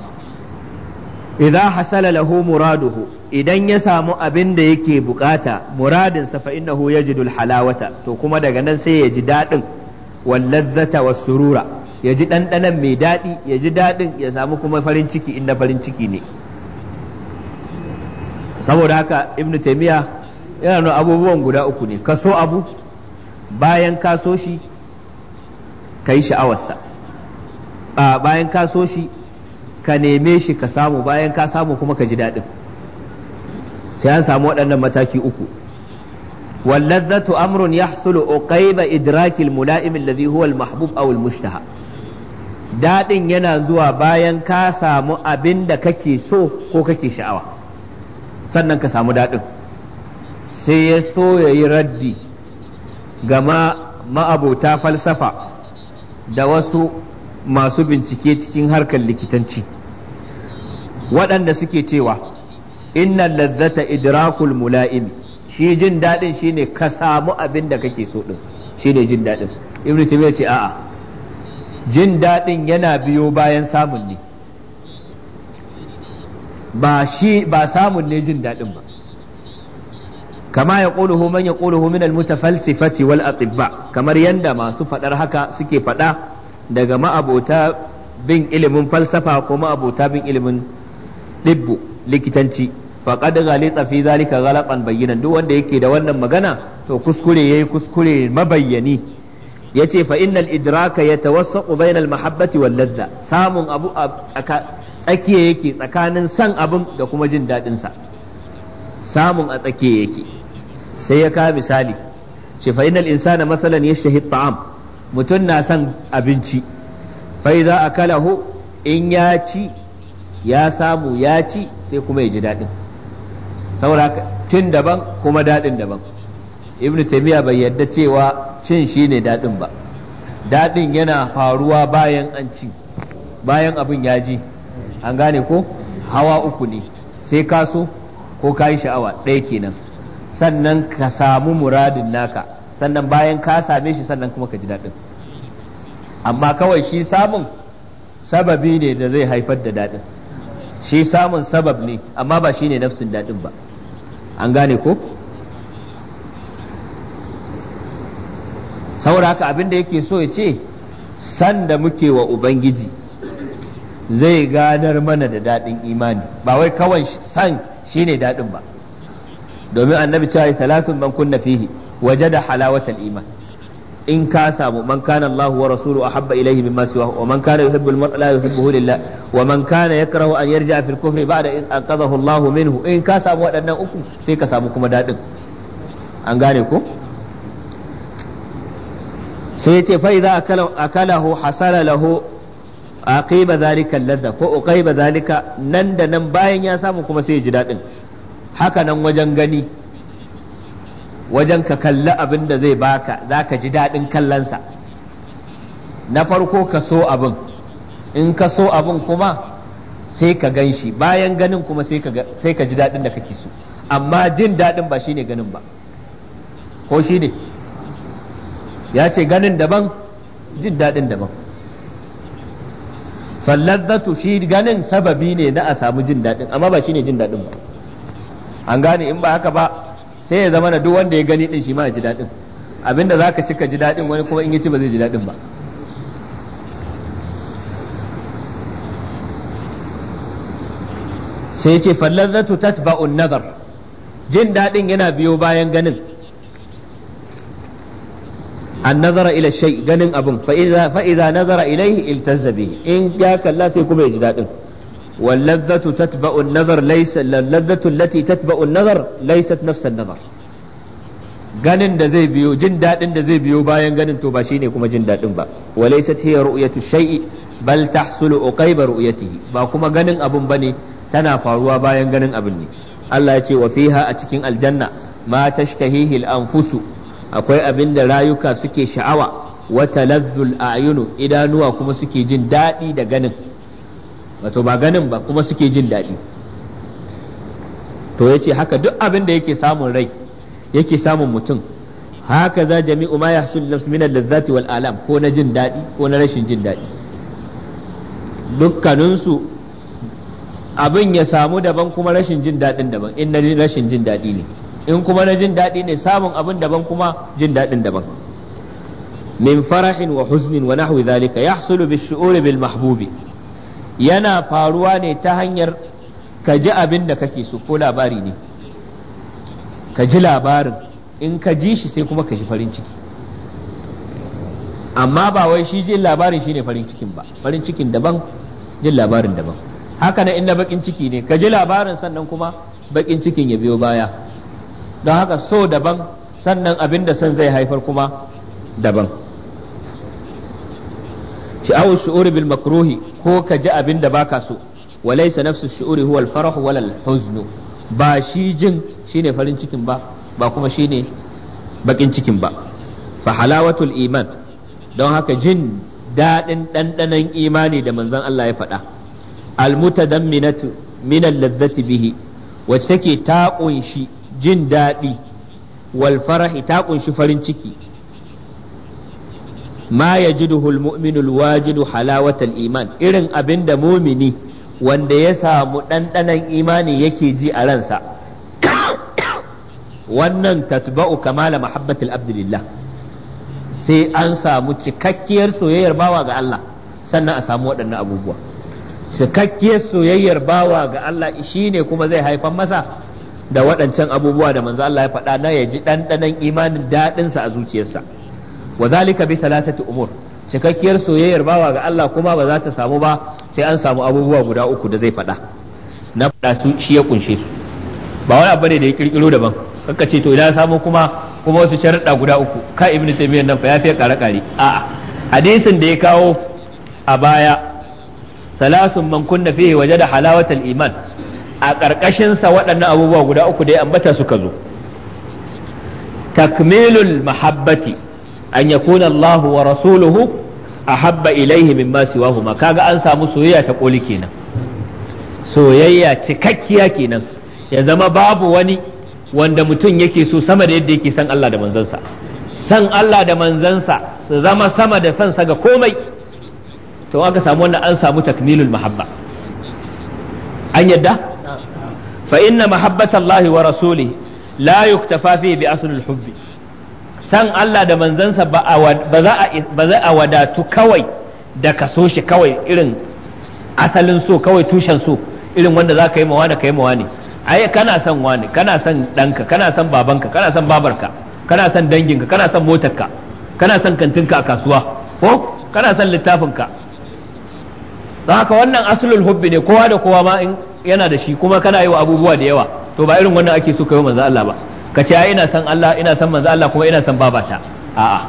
idza hasala lahu muraduhu idan ya samu abin da yake bukata muradinsa fa innahu yajidul halawata to kuma daga nan sai ya ji daɗin wal ladzata surura ya ji ɗanɗanan mai daɗi ya ji daɗin ya samu kuma farin ciki inda farin ciki ne saboda haka ibnu taimiyya yana nuna abubuwan guda uku ne ka so abu bayan ka so shi ka yi sha'awarsa bayan ka so shi ka neme shi ka samu bayan ka samu kuma ka ji daɗin sai an samu waɗannan mataki uku واللذة أمر يحصل عقيب إدراك الملائم الذي هو المحبوب أو المشتهى daɗin yana zuwa bayan ka samu abin da kake so ko kake sha'awa sannan ka samu daɗin sai ya so ya yi raddi gama ma'abota falsafa da wasu masu bincike cikin harkar likitanci waɗanda suke cewa inna lazzata idrakul mula'imi shi jin daɗin shine ka samu abin da kake so ɗin shine jin daɗin ibn taymiyyah ce a'a jin daɗin yana biyo bayan samun ne ba shi ba samun ne jin daɗin ba kama ya ƙuluhu man ya ƙuluhu min almutafalsifati wal atibba kamar yadda masu faɗar haka suke faɗa daga ma'abota bin ilimin falsafa ko ma'abota bin ilimin ɗibbu likitanci faqad ghalita fi zalika ghalatan bayyana duk wanda yake da wannan magana to kuskure yayi kuskure mabayyani yace fa innal idraka yatawassaqu bainal mahabbati wal ladha samun abu tsakiya yake tsakanin san abin da kuma jin daɗinsa. sa samun a tsakiya yake sai ya ka misali ce fa innal insana masalan yashtahi ta'am mutum na san abinci fa idza akalahu in ya ci ya samu ya ci sai kuma ya ji daɗin saboda tun daban kuma daɗin daban ibn taymiya bai yadda cewa cin shine daɗin ba daɗin yana faruwa bayan an ci bayan abin ya ji an gane ko hawa uku ne sai ka so ko ka yi sha'awa ɗaya kenan sannan ka samu muradin naka sannan bayan ka same shi sannan kuma ka ji daɗin amma kawai shi samun sababi ne da zai haifar da daɗin shi samun sabab ne amma ba shi ne nafsin daɗin ba an gane ko saboda haka abin da yake so ya ce sanda muke wa ubangiji zai ganar mana da daɗin imani ba wai kawai san shine daɗin ba domin annabi cewa salasun man kunna fihi waje da halawatan iman in ka samu man kana Allahu wa rasulu ahabba ilayhi mimma siwa wa man kana yuhibbu al-mar'a yuhibbuhu lillah wa man kana yakrahu an yarji'a fil kufri ba'da in anqadhahu Allahu minhu in ka samu waɗannan uku sai ka samu kuma daɗin an gane ko sai ce fa idza akalahu hasala lahu aqiba zalika ladda ko uqiba zalika nan da nan bayan ya samu kuma sai ya ji dadin haka nan wajen gani wajen ka kalli abin da zai baka zaka ji dadin kallansa na farko ka so abin in ka so abin kuma sai ka gan shi bayan ganin kuma sai ka ji daɗin da kake so amma jin daɗin ba shine ganin ba ko shi ne ya ce ganin daban jin daɗin daban fallazzatu shi ganin sababi ne na a samu jin daɗin amma ba shi ne jin daɗin ba an gane in ba haka ba sai ya zama na duk wanda ya gani din shi ma ya ji daɗin abinda za ka cika ji daɗin wani kuma in ya ci ba zai ji daɗin ba sai ce fallazzatu tatba'un nazar jin daɗin yana biyo bayan ganin an nazara ila shay ganin abin fa nazara ilayhi iltazza bihi in ya kalla sai kuma ya ji daɗin. wal ladzatu ganin da zai biyo jin daɗin da zai biyo bayan ganin to ba shine kuma jin dadin ba walaysat hiya ru'yatu shay'i bal tahsulu uqayba ru'yatihi ba kuma ganin abin ne tana faruwa bayan ganin abin ne Allah ya ce wafiha a cikin aljanna ma tashtahihi al-anfusu akwai abin da rayuka suke sha'awa wata lazzul ayunu idanuwa kuma suke jin daɗi da ganin wato ba ganin ba kuma suke jin daɗi to yace haka duk abin da yake samun rai yake samun mutum haka za jami'u ma yahsul nafs min al-lazzati wal alam ko na jin daɗi ko na rashin jin daɗi dukkaninsu abin ya samu daban kuma rashin jin daɗin daban in na rashin jin daɗi ne in kuma na jin daɗi ne samun abin daban kuma jin daɗin daban min farahin wa huznin wa nahwi dhalika yahsulu bi shu'uri bil mahbubi yana faruwa ne ta hanyar ka ji abin da kake so ko labari ne ka ji labarin in ka ji shi sai kuma ka ji farin ciki amma ba wai shi jin labarin shine farin cikin ba farin cikin daban jin labarin daban haka na inda bakin ciki ne ka ji labarin sannan kuma bakin cikin ya biyo baya don haka so daban sannan abin da son zai haifar kuma daban sha'awar shi'uri bil makruhi ko ka ji abin da baka so walaisa nafsu shu'uri huwa al-farahu wal huznu ba shi jin shine farin cikin ba ba kuma shine bakin cikin ba fa halawatul iman don haka jin daɗin ɗanɗanon imani da manzon Allah ya faɗa al-mutadamminatu min al bihi wacce take ta ƙunshi jin daɗi wal farahi ta kunshi farin ciki ma yajiduhu al mu'minu al wajidu halawatal iman irin abinda mumini wanda ya samu ɗanɗanon imani yake ji a ransa wannan tatba'u kamala mahabbatul abdulillah sai an samu cikakkiyar soyayyar bawa ga Allah sannan a samu waɗannan abubuwa cikakkiyar soyayyar bawa ga Allah shine kuma zai haifar masa da waɗancan abubuwa da manzo Allah ya faɗa na ya ji ɗanɗanon imanin daɗinsa a zuciyarsa wa zalika bi salasati umur cikakkiyar soyayyar bawa ga Allah kuma ba za ta samu ba sai an samu abubuwa guda uku da zai faɗa na faɗa su shi ya kunshe su ba wani abu ne da ya kirkiro daban kanka ce to idan samu kuma kuma wasu sharaɗa guda uku ka ibn taymiyyah nan fa ya fi kare kare a'a hadisin da ya kawo a baya salasun man kunna fihi wajada halawatal iman a ƙarƙashinsa waɗannan abubuwa guda uku dai ambata suka zo takmilul mahabbati an yakuna Allahu wa rasuluhu ahabba ilaihi mimma siwahuma kaga an samu soyayya ta koli kenan soyayya cikakkiya kenan ya zama babu wani wanda mutum yake so sama da yadda yake san Allah da manzansa san Allah da manzansa su zama sama da sansa ga komai to aka samu wannan an samu takmilul mahabba an yadda fa inna mahabbatallahi wa rasuli la yuktafa bi aslul hubbi san Allah da manzansa ba za a wadatu kawai da ka so shi kawai irin asalin so kawai tushen so irin wanda za ka yi mawa da ka yi mawa ne ai kana son wani kana son ɗanka kana son babanka kana son babarka kana son danginka kana son motarka kana son kantinka a kasuwa ko kana son littafinka don haka wannan asulul hubbi ne kowa da kowa ma in yana da shi kuma kana yi wa abubuwa da yawa to ba irin wannan ake so yi manzo Allah ba ka ce ina san Allah ina san manzo Allah kuma ina san babata a'a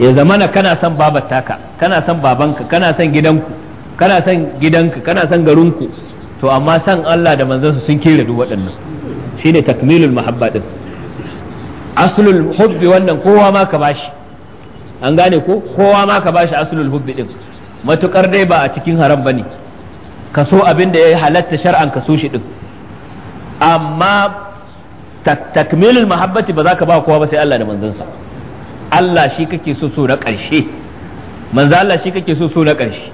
ya zamana kana san babata ka kana san babanka kana san gidanku kana san gidanka kana san garinku to amma san Allah da manzansu sun kira duk waɗannan shine takmilul mahabba din aslul hubbi wannan kowa ma ka bashi an gane ko kowa ma ka bashi aslul hubbi din matukar dai ba a cikin haram ba ne ka so abin da ya halatta shar'an ka so shi din amma takmilul mahabbati ba za ka ba kowa ba sai Allah da manzansa Allah shi kake so so na ƙarshe manzo Allah shi kake so so na ƙarshe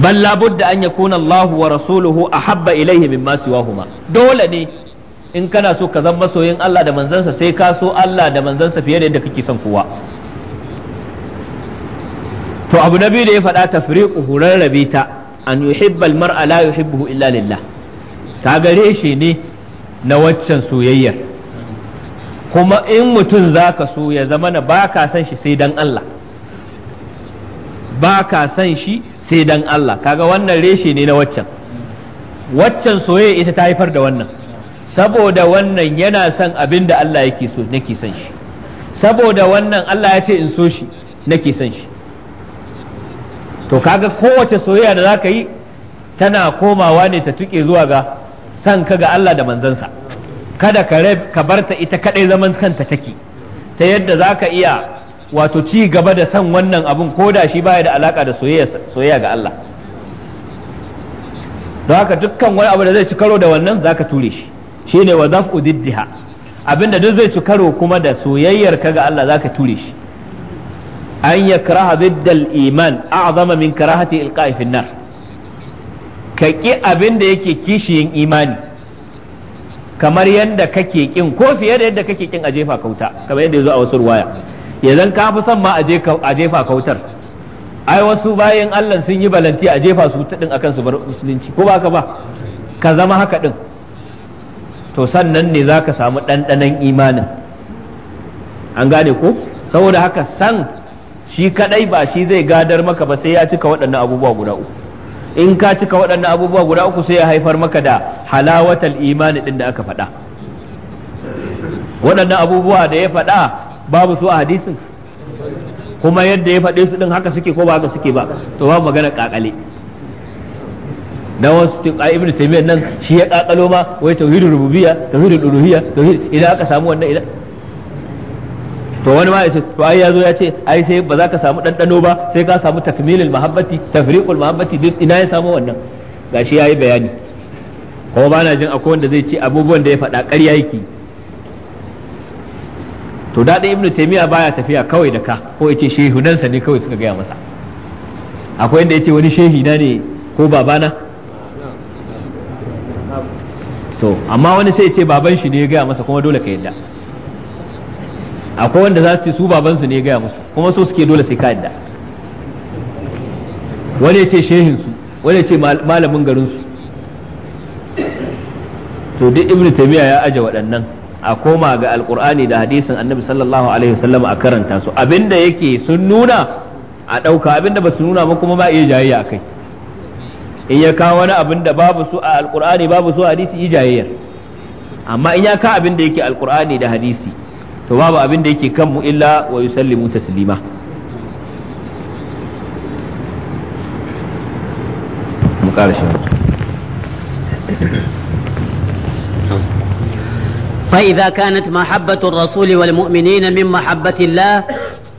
bal labudda an yakuna Allah wa rasuluhu ahabba ilayhi mimma siwahuma dole ne in kana so ka zama masoyin Allah da manzansa sai ka so Allah da manzansa fiye da yadda kake son kowa to abu na biyu da ya faɗa tafriqu hurar rarrabe ta an yuhibba mar'a la yuhibbuhu illa lillah ta gare shi ne na waccan soyayyar kuma in mutum zaka so ya zama na baka san shi sai dan Allah baka san shi sai dan Allah kaga wannan reshe ne na waccan waccan soyayya ita ta haifar da wannan saboda wannan yana son abin da Allah yake so nake son shi saboda wannan Allah ya ce in so shi nake son shi to kaga kowace soyayya da zaka yi tana komawa ne ta tuke zuwa ga san ka ga Allah da manzansa kada ka ka barta ita kadai zaman kanta take ta yadda zaka iya wato ci gaba da san wannan abun ko da shi baya da alaka da soyayya ga Allah don haka dukkan wani abu da zai ci karo da wannan zaka ture shi shine wa zaf'u diddiha abinda duk zai ci karo kuma da soyayyar ka ga Allah zaka ture shi an yakraha biddal iman a'zama min karahati ilqa'i nan. ka ƙi abin da yake kishiyin imani kamar yadda kake ƙin ko fiye da yadda kake kin a jefa kauta kamar yadda zo a wasu ruwaya yanzu ka fi son ma a jefa kautar ai wasu bayan Allah sun yi balanti a jefa su din akan su bar musulunci ko ba ka ba ka zama haka din to sannan ne za ka samu ɗanɗanon imanin an gane ko saboda haka san shi kadai ba shi zai gadar maka ba sai ya cika waɗannan abubuwa guda uku in ka cika waɗannan abubuwa guda uku sai ya haifar maka da halawatal imani din da aka faɗa waɗannan abubuwa da ya faɗa babu su a hadisin kuma yadda ya faɗe su din haka suke ko ba haka suke ba to ba magana kakale na wasu a ibnu taymiyyah nan shi ya kakalo ma wai tauhidul rububiyya Tauhidur uluhiyya tauhid idan aka samu wannan idan to wani ma yace to ai yazo ya ce ai sai ba za ka samu dandano ba sai ka samu takmilul mahabbati tafriqul mahabbati duk ina ya samu wannan gashi yayi bayani ko ba na jin akwai wanda zai ce abubuwan da ya faɗa ƙarya yake to daɗin ibnu taymiya baya tafiya kawai da ka ko yace sa ne kawai suka gaya masa akwai wanda yace wani shehi na ne ko babana to amma wani sai ya ce baban shi ne ya gaya masa kuma dole ka yadda akwai wanda za su ce su babansu ne gaya musu kuma so suke dole sai ka yadda wani ce shehin su wani ce malamin garin su to duk ibnu taymiya ya aje waɗannan a koma ga Alƙur'ani da hadisin annabi sallallahu alaihi wasallam a karanta su abinda yake sun nuna a ɗauka abinda ba su nuna ba kuma ba iya jayayya a kai in ya kawo wani abin da babu su a Alƙur'ani babu su a hadisi yi jayayya amma in ya ka abin da yake Alƙur'ani da hadisi to babu abin da yake kanmu illa wa yusallimu taslima mu فإذا كانت محبة الرسول والمؤمنين من محبة الله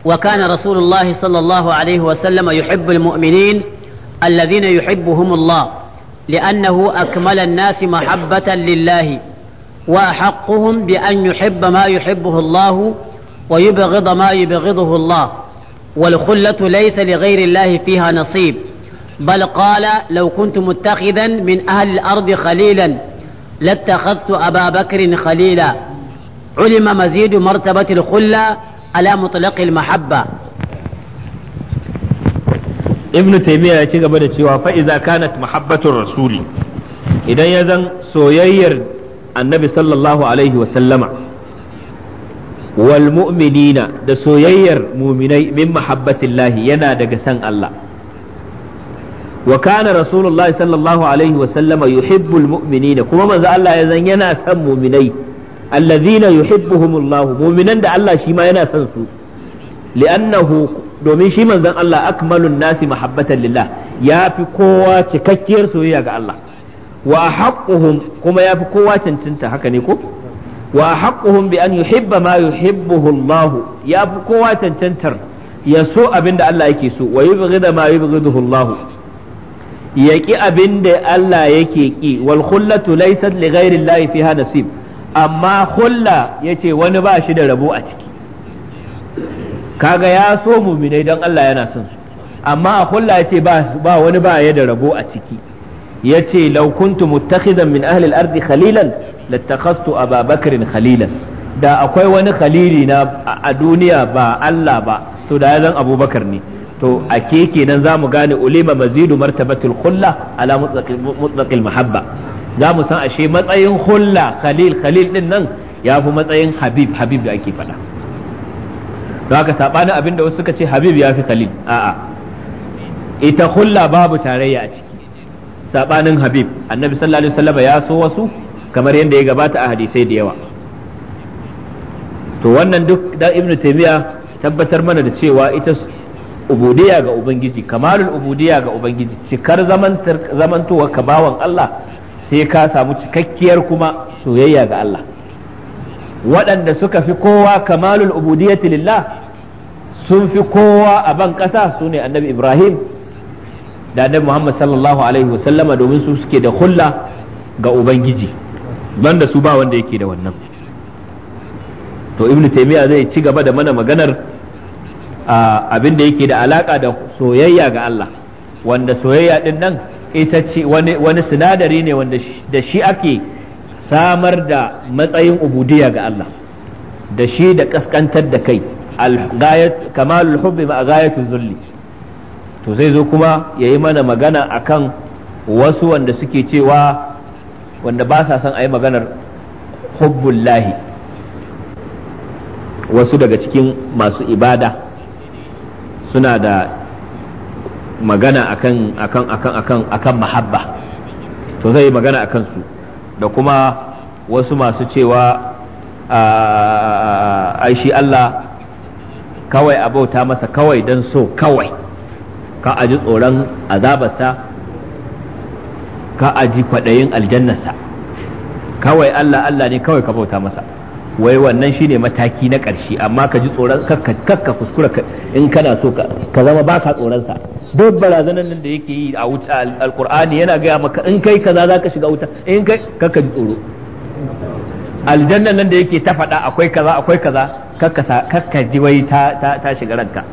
وكان رسول الله صلى الله عليه وسلم يحب المؤمنين الذين يحبهم الله لأنه أكمل الناس محبة لله واحقهم بان يحب ما يحبه الله ويبغض ما يبغضه الله والخله ليس لغير الله فيها نصيب بل قال لو كنت متخذا من اهل الارض خليلا لاتخذت ابا بكر خليلا علم مزيد مرتبه الخله على مطلق المحبه ابن تيمية ya ci gaba da cewa fa iza kanat mahabbatur annabi sallallahu alaihi wasallama wal mu'minina da soyayyar muminai min mahabbatillahi yana daga san Allah wa kana rasulullahi sallallahu alaihi wasallama yuhibbul mu'minina kuma manzo Allah ya zan yana san muminai allazina yuhibbuhumullahu muminan da Allah shi ma yana san su li'annahu domin shi manzan Allah akmalun nasi mahabbatan lillah ya fi kowa cikakkiyar soyayya ga Allah wa haƙuhun kuma fi kowa cancanta haka ne ko wa haƙuhun bi an yuhibba ma yuhibbuhu Allah yafi kowa cancantar ya so abinda Allah yake so wa yubghida ma yubghiduhu Allah yaki abinda Allah yake ki wal khullatu laysat li ghayri Allah fiha nasib amma khulla yace wani ba shi da rabo a ciki kaga ya so muminai dan Allah yana son su amma a khulla yace ba ba wani ba ya da rabo a ciki yace law kuntu muttakhidan min ahli al-ardi khalilan lattakhastu Aba Bakrin khalilan da akwai wani khalili na a duniya ba Allah ba to da ya Abubakar ne to a ke kenan zamu gane ulima mazidu martabatul khulla ala mutlaqil mahabba zamu san ashe matsayin khulla khalil khalil din nan ya fi matsayin habib habib da ake faɗa don haka sabanin abinda wasu suka ce habib ya fi khalil a'a ita khulla babu tarayya a ciki sabanin habib annabi sallallahu alaihi wasallam ya so wasu kamar yadda ya gabata a hadisai da yawa to wannan duk da ibnu taymiya tabbatar mana da cewa ita ubudiyya ga ubangiji kamalul ubudiyya ga ubangiji cikar zamantowa ka bawan Allah sai ka samu cikakkiyar kuma soyayya ga Allah waɗanda suka fi kowa kamalul ubudiyyati lillah sun fi kowa a ban ƙasa su annabi ibrahim da annabi Muhammad sallallahu alaihi wasallama domin su suke da hulla ga ubangiji banda su ba wanda yake da wannan to ibnu taymiya zai ci gaba da mana maganar abin da yake da alaka da soyayya ga Allah wanda soyayya din nan ita ce wani sinadari ne wanda da shi ake samar da matsayin ubudiyya ga Allah da shi da kaskantar da kai kamalul hubbi ma gayatun zulli to zai zo kuma ya yi mana magana a kan wasu wanda suke cewa wanda ba sa son a yi maganar hubbullahi wasu daga cikin masu ibada suna da magana akan akan akan akan akan mahabba to zai yi magana akan su da kuma wasu masu cewa ai shi Allah kawai a masa kawai don so kawai ka a ji tsoron azabarsa ka a ji kwaɗayin aljannarsa kawai Allah Allah ne kawai ka bauta masa wai wannan shine mataki na ƙarshe amma ka ji tsoron kakka kuskura in kana so ka zama ba ka tsoronsa duk barazanar nan da yake yi a wuta alkur'ani yana gaya maka in kai kaza za ka shiga wuta in kai kakka ji tsoro aljannan nan da yake ta faɗa akwai kaza akwai kaza kakka ji wai ta shiga ranka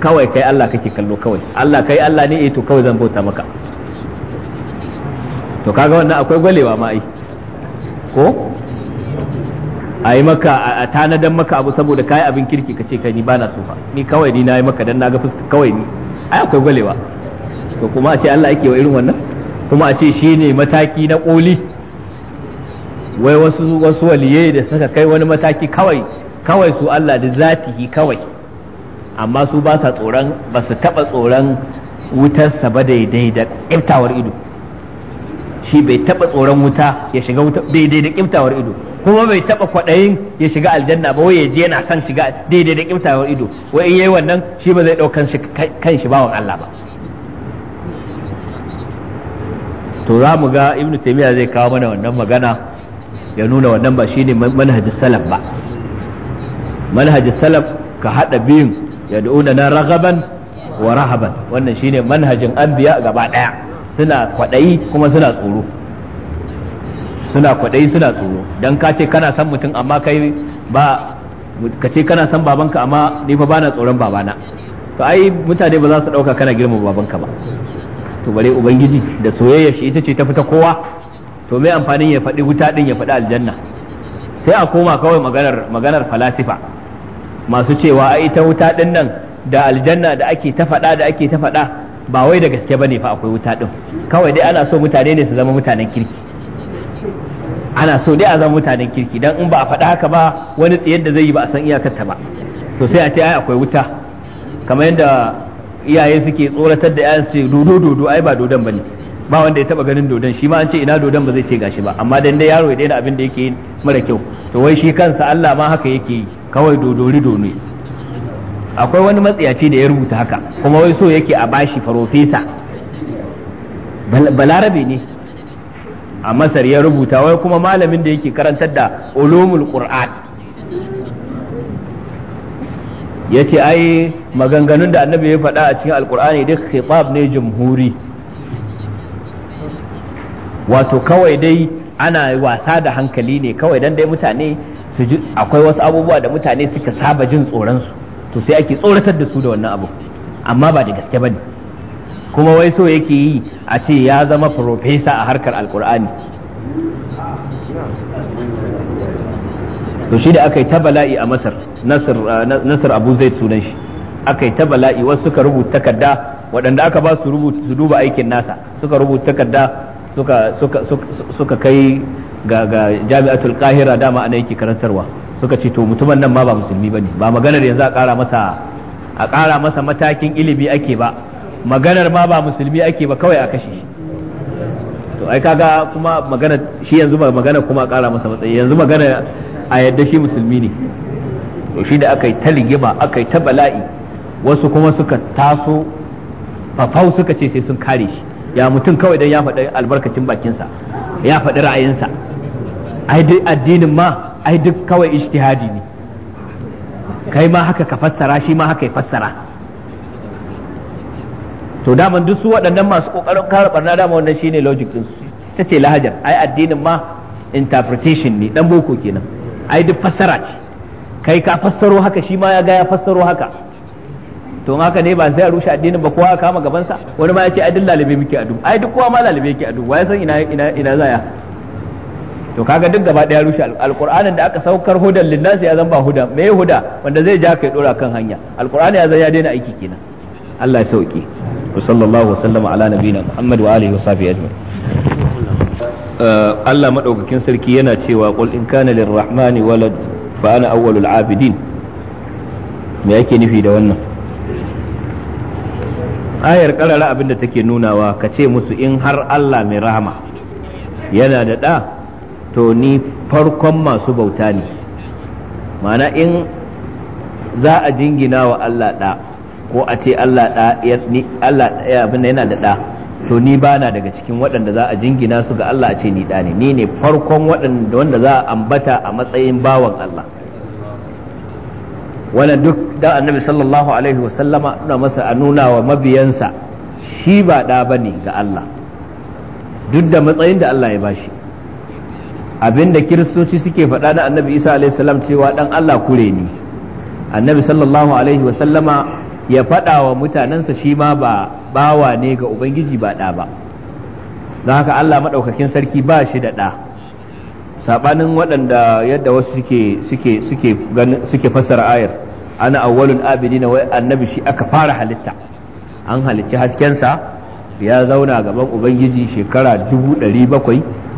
kawai kai Allah kake kallo kawai Allah kai Allah ne eh to kawai zan bauta maka to kaga wannan akwai gwalewa ma ai ko a yi maka a tanadan maka abu saboda kai abin kirki ka ce kai ni bana so fa ni kawai ni nayi maka dan naga fuska kawai ni ai akwai gwalewa to kuma a ce Allah yake wa irin wannan kuma a ce shine mataki na koli wai wasu wasu waliyai da suka kai wani mataki kawai kawai su Allah da zatihi kawai amma su ba sa tsoron ba su taba tsoron wutarsa ba daidai da ƙiftawar ido shi bai taba tsoron wuta ya shiga wuta daidai da ƙiftawar ido kuma bai taba kwaɗayin ya shiga aljanna ba wai ya je yana son shiga daidai da ƙiftawar ido wai in yayi wannan shi ba zai ɗaukan kan shi bawan Allah ba to za mu ga ibnu taymiya zai kawo mana wannan magana ya nuna wannan ba shine manhajin salaf ba manhajin salaf ka hada biyun yad'una na ragaban wa rahaban wannan shine manhajin anbiya gaba daya suna kwadayi kuma suna tsoro suna kwadayi suna tsoro dan ka ce kana san mutum amma kai ba ka ce kana san babanka amma ni fa bana tsoron babana to ai mutane ba za su dauka kana girma babanka ba to bare ubangiji da soyayya shi ita ce ta fita kowa to me amfanin ya faɗi wuta din ya faɗi aljanna sai a koma kawai maganar maganar falasifa masu cewa a ita wuta din nan da aljanna da ake ta faɗa da ake ta faɗa ba wai da gaske bane fa akwai wuta din kawai dai ana so mutane ne su zama mutanen kirki ana so dai a zama mutanen kirki dan in ba a faɗa haka ba wani tsiyar da zai yi ba a san iyakar ta ba to sai a ce ai akwai wuta kamar yadda iyaye suke tsoratar da 'ya'yansu ce dodo ai ba dodon bane ba wanda ya taba ganin dodon shi ma an ce ina dodon ba zai ce gashi ba amma dan dai yaro ya daina abin da yake mara kyau to wai shi kansa Allah ma haka yake yi kawai dodori dono akwai wani matsiyaci da ya rubuta haka kuma wai so yake a bashi farofesa balarabe ne a masar ya rubuta wai kuma malamin da yake karantar da ulumul qur'an yace ai maganganun da annabi ya faɗa a cikin alqur'ani duk khitab ne jumhuri wato kawai dai ana wasa da hankali ne kawai dan dai mutane su ji akwai wasu abubuwa da mutane suka saba jin tsoron su to sai ake tsoratar da su da wannan abu amma ba da gaske bane kuma wai so yake yi a ce ya zama profesa a harkar alkur'ani to shi da aka yi ta bala'i a masar nasir abu zai sunan shi aka yi ta bala'i wasu suka rubuta takarda waɗanda aka ba su rubuta su duba aikin nasa suka rubuta takarda suka suka suka kai ga ga jami'atul qahira dama ana yake karantarwa suka ce to mutumin nan ma ba musulmi bane ba maganar yanzu a ƙara masa a ƙara masa matakin ilimi ake ba maganar ma ba musulmi ake ba kawai a kashe to ai kaga kuma magana shi yanzu ba magana kuma a ƙara masa matsayi yanzu magana a yadda shi musulmi ne to shi da aka yi ta ligima aka yi ta bala'i wasu kuma suka taso fafau suka ce sai sun kare shi ya mutum kawai dan ya faɗi albarkacin bakinsa ya faɗi ra'ayinsa ai duk addinin ma ai duk kawai ijtihadi ne kai ma haka ka fassara shi ma haka ya fassara to daman duk su waɗannan masu ƙoƙarin kare barna dama wannan shine logic din su ta ce lahajar ai addinin ma interpretation ne dan boko kenan ai duk fassara ce kai ka fassaro haka shi ma ya ga ya fassaro haka to ma ka ne ba sai a rushe addinin ba kowa kama gabansa wani ma ya ce ai duk lalabe muke adu ai duk kowa ma lalibe yake adu wai san ina ina ina zaya to kaga duk gaba daya rushe alqur'anin da aka saukar hudan linnasi ya zan ba huda me huda wanda zai ja kai dora kan hanya alqur'ani ya zan ya daina aiki kenan Allah ya sauke wa sallallahu wasallama ala nabiyina muhammad wa alihi wa sahbihi ajma'in uh, Allah madaukakin sarki yana cewa qul in kana lirrahmani walad fa ana awwalul abidin me yake nufi da wannan ayar karara abinda take nunawa ka ce musu in har Allah mai rahama yana da ɗa to ni farkon masu bauta ne mana in za a jingina wa Allah ɗa ko a ce Allah ɗa abinda yana da ɗa to ni bana daga cikin waɗanda za a jingina su ga Allah a ce ni ɗa ne ni ne farkon waɗanda wanda za a ambata a matsayin bawan Allah wannan duk da annabi sallallahu alaihi wasallama na masa a nuna wa mabiyansa shi ba ɗa ba ne ga Allah duk da matsayin da Allah ya bashi abinda kiristoci suke faɗa da annabi isa alaihi salam cewa ɗan Allah kure ne annabi sallallahu alaihi wasallama ya faɗa wa mutanensa shi ma ba bawa ne ga ubangiji ba ɗa ba don haka Allah maɗaukakin sarki ba shi da ɗa sabanin waɗanda yadda wasu suke suke suke suke fassara ayar ana awwalul abidina wai annabi shi aka fara halitta an halicci haskensa ya zauna gaban ubangiji shekara dubu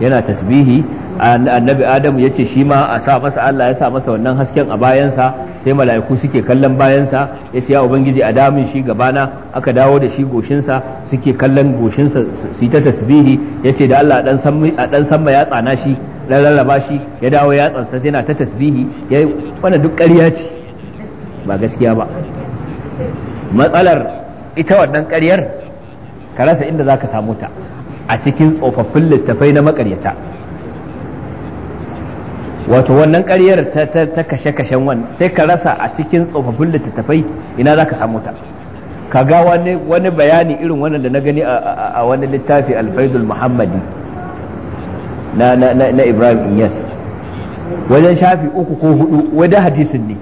yana tasbihi annabi adam ya ce shi ma a sa masa Allah ya sa masa wannan hasken a bayansa sai mala'iku suke kallon bayansa ya ce ya ubangiji a damin shi gabana aka dawo da shi goshinsa suke kallon goshinsa su ta tasbihi ya ce da Allah a dan samma ya tsana shi dan rarraba shi ya dawo ya tsansa yana ta tasbihi ya wani duk ƙarya ce ba gaskiya ba matsalar ita wannan ƙaryar ka rasa inda za ka samu ta a cikin tsofaffin littafai na makaryata wato wannan karyar ta kashe-kashen wani sai ka rasa a cikin tsofaffin littattafai ina za ka samu ta ka ga wani bayani irin wannan da na gani a wani littafi alfaidul muhammadi na ibrahim inyas wajen shafi uku ko hudu wajen hadisin ne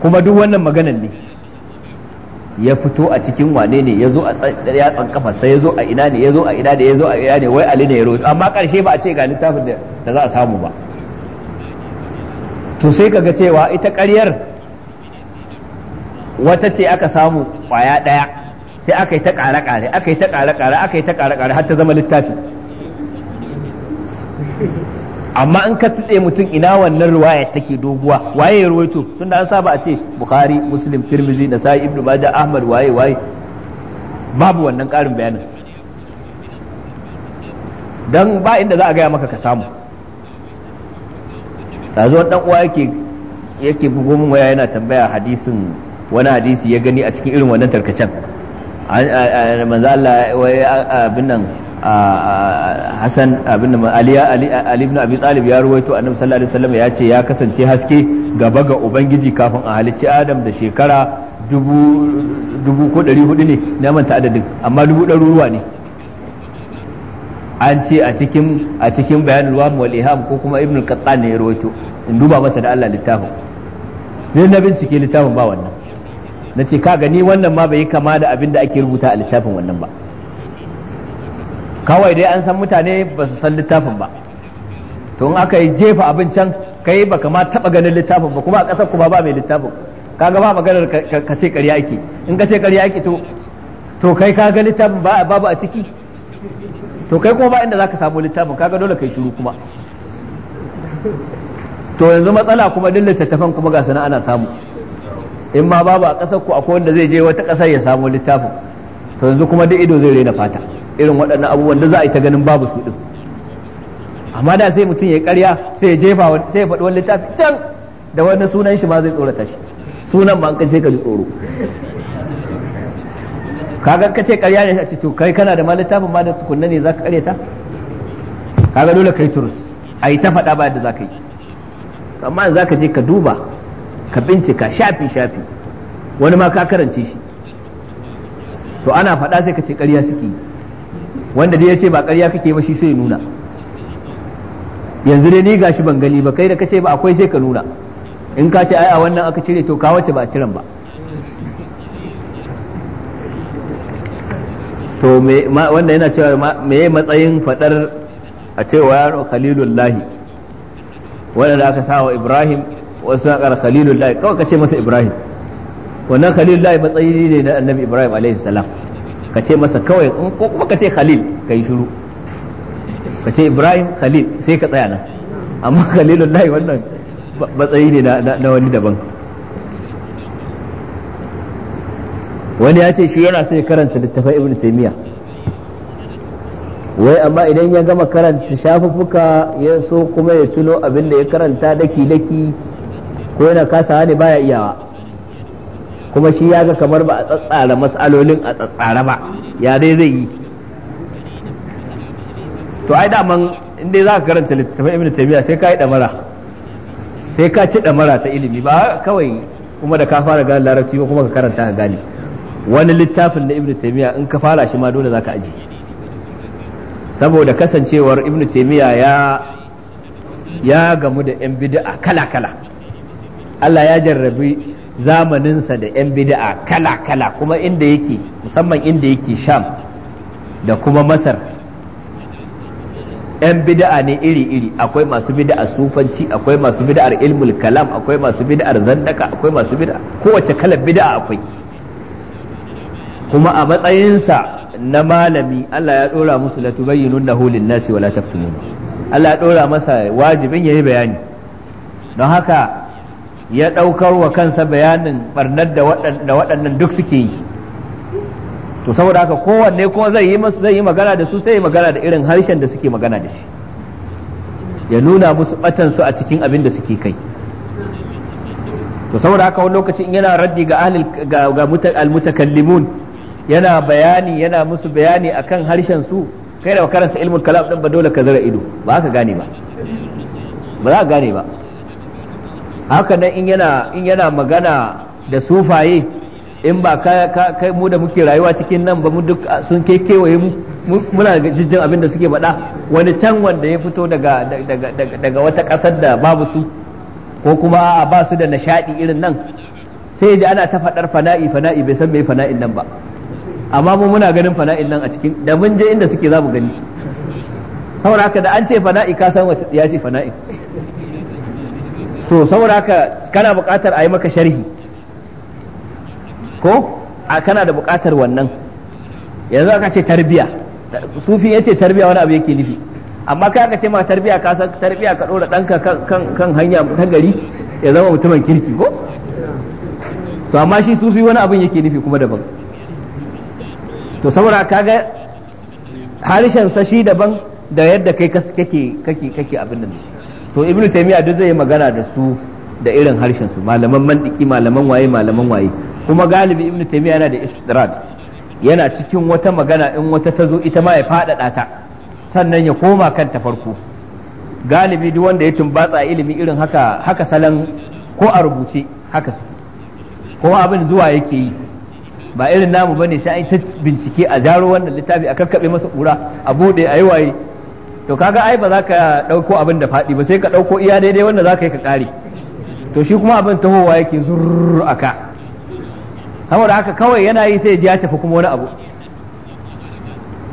kuma duk wannan maganan ne ya fito a cikin wane ne ya zo a yatsan sai ya zo a ina ne ya zo a ina ne ya zo a ina ne wai ali ne ya roƙi amma karshe ba a ce ga littafin da za a samu ba to sai kaga cewa ita karyar wata ce aka samu kwaya ɗaya sai aka yi ta ƙare-ƙare aka yi ta ƙare-ƙare aka yi ta ƙare-ƙare har ta zama littafi amma in ka tsitse mutum ina wannan riwaya take doguwa waye ya ruwaito sun da an saba a ce bukhari muslim tirmizi da sa'i ibnu majah ahmad waye waye babu wannan karin bayanin dan ba inda za a gaya maka ka samu yanzu wani dan uwa yake yake bugo min waya yana tambaya hadisin wani hadisi ya gani a cikin irin wannan tarkacen manzo Allah abin nan Hassan abin da Ali ibn Abi Talib ya ruwaito Annabi sallallahu alaihi wasallam ya ce ya kasance haske gaba ga Ubangiji kafin a halicci Adam da shekara dubu dubu ko ɗari hudu ne na manta adadin amma dubu ruwa ne an ce a cikin a cikin bayanul wa mu iham ko kuma ibn al-qattan ne ya ruwaito in duba masa da Allah littafin ne na bincike littafin ba wannan nace ka gani wannan ma bai kama da abin da ake rubuta a littafin wannan ba kawai dai an san mutane ba su san littafin ba to in aka yi jefa abin can kai ba kama taba ganin littafin ba kuma a ƙasar ku ba mai littafin ga ba maganar ka ce ƙarya ake in ka ce ƙarya ake to to kai ka ga littafin ba babu a ciki to kai kuma ba inda zaka samu littafin kaga dole kai shiru kuma to yanzu matsala kuma duk tattafan kuma ga sana ana samu in ma babu a ƙasar ku akwai wanda zai je wata ƙasar ya samu littafin to yanzu kuma duk ido zai rena fata irin waɗannan abubuwan da za a yi ta ganin babu su din amma da sai mutum ya karya sai ya jefa sai ya faɗi wani littafi can da wani sunan shi ma zai tsorata shi sunan ba an kai sai ka ji tsoro kaga kace karya ne a ce to kai kana da ma littafin ma da tukunna ne zaka karyata ta kaga dole kai turus a yi ta faɗa ba yadda zaka yi amma zaka je ka duba ka bincika shafi shafi wani ma ka karance shi to ana faɗa sai ka ce karya suke yi wanda dai ya ce ba ƙarya kake ba shi sai nuna yanzu dai ni gashi ban gani ba kai da kace ba akwai sai ka nuna in ka ce ai a wannan aka cire to ka wace ba a ciran ba to wanda yana cewa me matsayin fadar a cewa yaro khalilullahi wanda aka wa ibrahim wasu na khalilullahi kawai ka ce masa ibrahim wannan khalilullahi matsayi ne na annabi ibrahim alaihi salam ka ce masa kawai ko kuma ka ce khalil ka yi shiru ka ce ibrahim khalil sai ka tsaya nan amma khalilun lahi wannan matsayi ne na wani daban wani ya ce shi yana sai karanta littafai ibn taymiya wai amma idan ya gama karanta shafuffuka ya so kuma ya tuno abin da ya karanta daki daki ko yana kasa ne baya iyawa kuma shi ya ga kamar ba a tsatsara matsalolin a tsatsara ba ya dai zai yi to ai daman in dai za ka karanta littattafan ibn taymiya sai ka yi damara sai ka ci damara ta ilimi ba kawai kuma da ka fara gane larabci ba kuma ka karanta ka gane wani littafin na ibn taymiya in ka fara shi ma dole zaka ka aji saboda kasancewar ibn taymiya ya ya gamu da yan bid'a kala kala Allah ya jarrabi zamaninsa da 'yan bida'a kala-kala kuma inda yake musamman inda yake sham da kuma masar 'yan bida'a ne iri-iri akwai masu bida'a sufanci akwai masu bida'ar ilmul kalam akwai masu bida'ar zandaka akwai masu bida'a kowace kalar bida'a akwai kuma a matsayinsa na malami Allah ya dora musu la tubayyinunnahu lin-nasi wala taktumun Allah ya dora masa wajibin yayi bayani don haka ya ɗaukar wa kansa bayanin barnar da waɗannan duk suke yi to saboda haka kowanne kuma zai yi zai yi magana da su sai magana da irin harshen da suke magana da shi ya nuna musu batan su a cikin abin da suke kai to saboda haka wani lokacin yana raddi ga ahlil ga almutakallimun yana bayani yana musu bayani akan harshen su kai da karanta ilmul kalam din ba dole ka zara ido ba ka gane ba ba za ka gane ba haka nan in yana in yana magana da sufaye in ba kai mu da muke rayuwa cikin nan ba mu duk sun ke kewaye mu muna jijjin abin da suke faɗa wani can wanda ya fito daga daga wata ƙasar da babu su ko kuma a ba su da nishaɗi irin nan sai ji ana ta faɗar fana'i fana'i bai san me fana'in nan ba amma mu muna ganin fana'in nan a cikin da mun je inda suke za mu gani saboda haka da an ce fana'i ka san ya ce fana'in to saboda haka kana buƙatar a yi maka sharhi ko a kana da buƙatar wannan yanzu aka ce tarbiya sufi ya ce tarbiya wani abu yake nufi amma kai aka ce ma tarbiya ka san tarbiya ka ɗora ɗanka kan hanya ta gari ya zama mutumin kirki ko to amma shi sufi wani abin yake nufi kuma daban to saboda kaga harshen sa shi daban da yadda kai kake kake kake abin nan shi to ibnu taymiya duk zai yi magana da su da irin harshen su malaman mantiki malaman waye malaman waye kuma galibi ibnu taymiya yana da istidrad yana cikin wata magana in wata ta zo ita ma ya faɗaɗa ta sannan ya koma kan ta farko galibi duk wanda ya tumbatsa ilimi irin haka haka salon ko a rubuce haka suke ko abin zuwa yake yi ba irin namu bane sai ta bincike a jaro wannan littafi a kakkabe masa kura a buɗe a yi waye to kaga ai ba za ka ɗauko abin da faɗi ba sai ka ɗauko iya daidai wanda za ka yi ka ƙare to shi kuma abin tahowa yake zurr a ka saboda haka kawai yana yi sai ji ya tafi kuma wani abu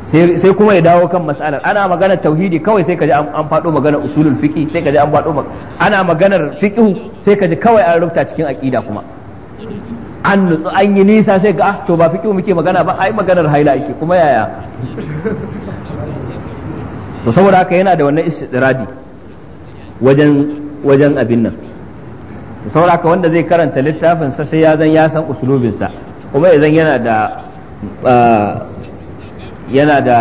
sai kuma ya dawo kan mas'alar ana maganar tauhidi kawai sai ka ji an faɗo maganar usulul fiqi sai ka ji an faɗo ana maganar fiqhu sai ka ji kawai an rubuta cikin aqida kuma an nutsu an yi nisa sai ga ah, to ba fiqhu muke magana ba ai maganar haila ake kuma yaya to saboda haka yana da wannan istidradi wajen wajen abin nan to saboda haka wanda zai karanta littafin sa sai ya zan ya san usulubin sa kuma ya zan yana da ah, yana da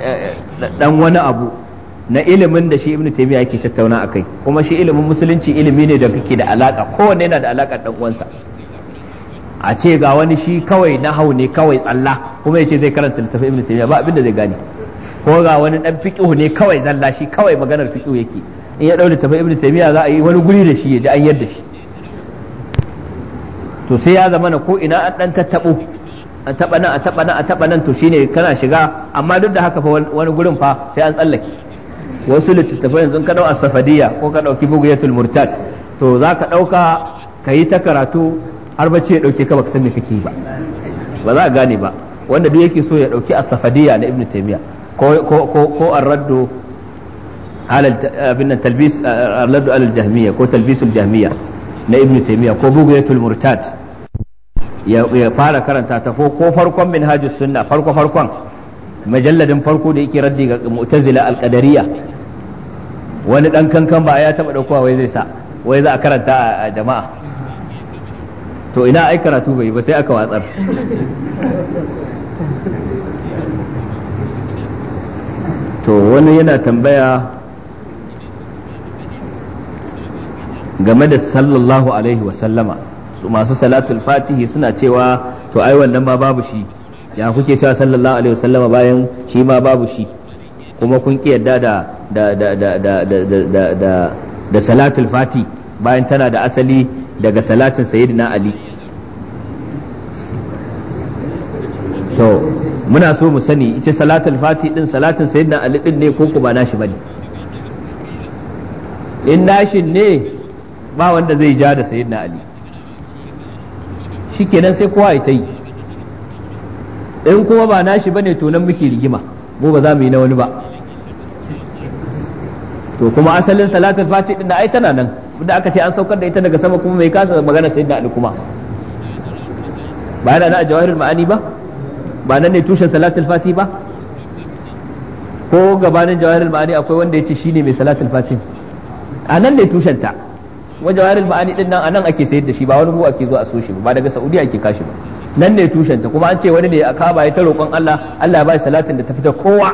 eh, dan wani abu na ilimin da shi ibnu taymiya yake tattauna akai kuma shi ilimin musulunci ilimi ne da kake da alaka kowanne yana da alakar dan uwansa a ce ga wani shi kawai na hau ne kawai tsalla kuma ya ce zai karanta littafin ibnu taymiya ba abin da zai gane ko ga wani dan fiqhu ne kawai zalla shi kawai maganar fiqhu yake in ya daure tafi ibnu taymiya za a yi wani guri da shi ya ji an yadda shi to sai ya zama na ko ina an dan tattabo a taba nan a taba nan a taba nan to shine kana shiga amma duk da haka fa wani gurin fa sai an tsallake wasu littattafai yanzu ka dau as ko ka dauki bugiyatul murtad to za ka dauka ka yi ta karatu har bacci ya dauke ka baka san me kake ba ba za a gane ba wanda duk yake so ya dauki as na ibnu taymiya ko arraddu abin nan talbis alal jahmiya ko talbisul jahmiya na ibn taymiya ko bugayatul murtad ya fara karanta ta ko ko farkon minhajus sunna farko farkon majalladin farko da yake raddi ga mu'tazila alqadariya wani dan kankan ba ya taba daukowa wai zai sa wai za a karanta a jama'a to ina ai karatu bai ba sai aka watsar to wani yana tambaya game da sallallahu alaihi wasallama su masu salatul fatihi suna cewa to ai wannan ma babu shi ya kuke cewa sallallahu alaihi wasallama bayan shi ma babu shi kuma kun ki yadda da da da da da da da da salatul fati bayan tana da asali daga salatin sayyidina ali to muna so mu sani ita salatul fati din salatin sayyidina ali din ne ko ku ba nashi bane in nashin ne ba wanda zai ja da sayyidina ali shikenan sai kowa ya yi in kuma ba nashi bane to nan muke rigima mu ba za mu yi na wani ba to kuma asalin salatul fati din da ai tana nan da aka ce an saukar da ita daga sama kuma mai kasa magana sayyidina ali kuma ba yana da jawahirul ma'ani ba ba nan ne tushen salatul fati ba ko gabanin jawaharul ma'ani akwai wanda ya ce shine mai salatul fati a nan ne tushen ta wa jawaharul ma'ani din nan a nan ake sayar da shi ba wani ruwa ake zuwa a soshi ba daga saudi ake kashi ba nan ne tushen ta kuma an ce wani ne a kaba ya ta roƙon Allah Allah ya ba salatin da ta fita kowa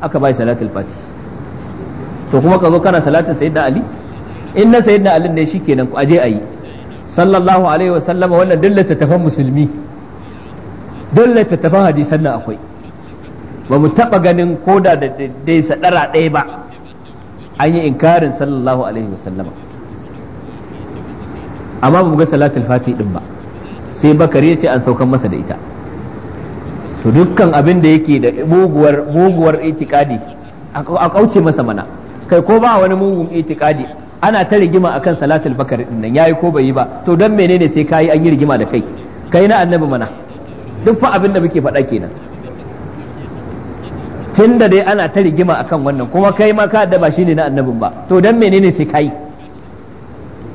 aka ba salatul fati to kuma ka zo kana salatin sayyidina ali in na sayyidina ali ne shikenan ku aje ayi sallallahu alaihi wa sallama wannan dillata tafan musulmi don littattafan hadisan nan akwai ba mu taɓa ganin ko da dai sadara ɗaya ba an yi inkarin sallallahu alaihi wasallama amma ba mu ga salatul fati din ba sai bakari ya ce an saukan masa da ita to dukkan abin da yake da muguwar muguwar itikadi a kauce masa mana kai ko ba wani mugun itikadi ana ta rigima akan salatul bakari din nan yayi ko bai yi ba to dan menene sai kai an yi rigima da kai kai na annabi mana duk fa abin da muke faɗa kenan tun da dai ana ta rigima akan wannan kuma kai ma ka yadda ba ne na annabin ba to dan menene sai kai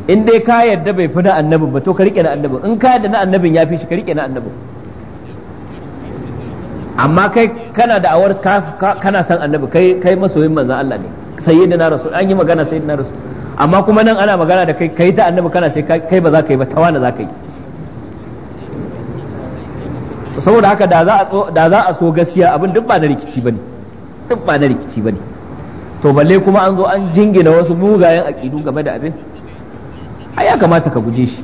in dai ka yadda bai fi na annabin ba to ka rike na annabin in ka yadda na annabin ya fi shi ka rike na annabin amma kai kana da awar kana san annabi kai kai masoyin manzon Allah ne sayyidina rasul an yi magana sayyidina rasul amma kuma nan ana magana da kai kai ta annabi kana sai kai ba za ka yi ba tawana za ka yi saboda haka da za a so gaskiya abin duk ba na rikici bane duk ba na rikici bane to balle kuma an zo an jingina wasu mugayen aqidu game da abin ai ya kamata ka guje shi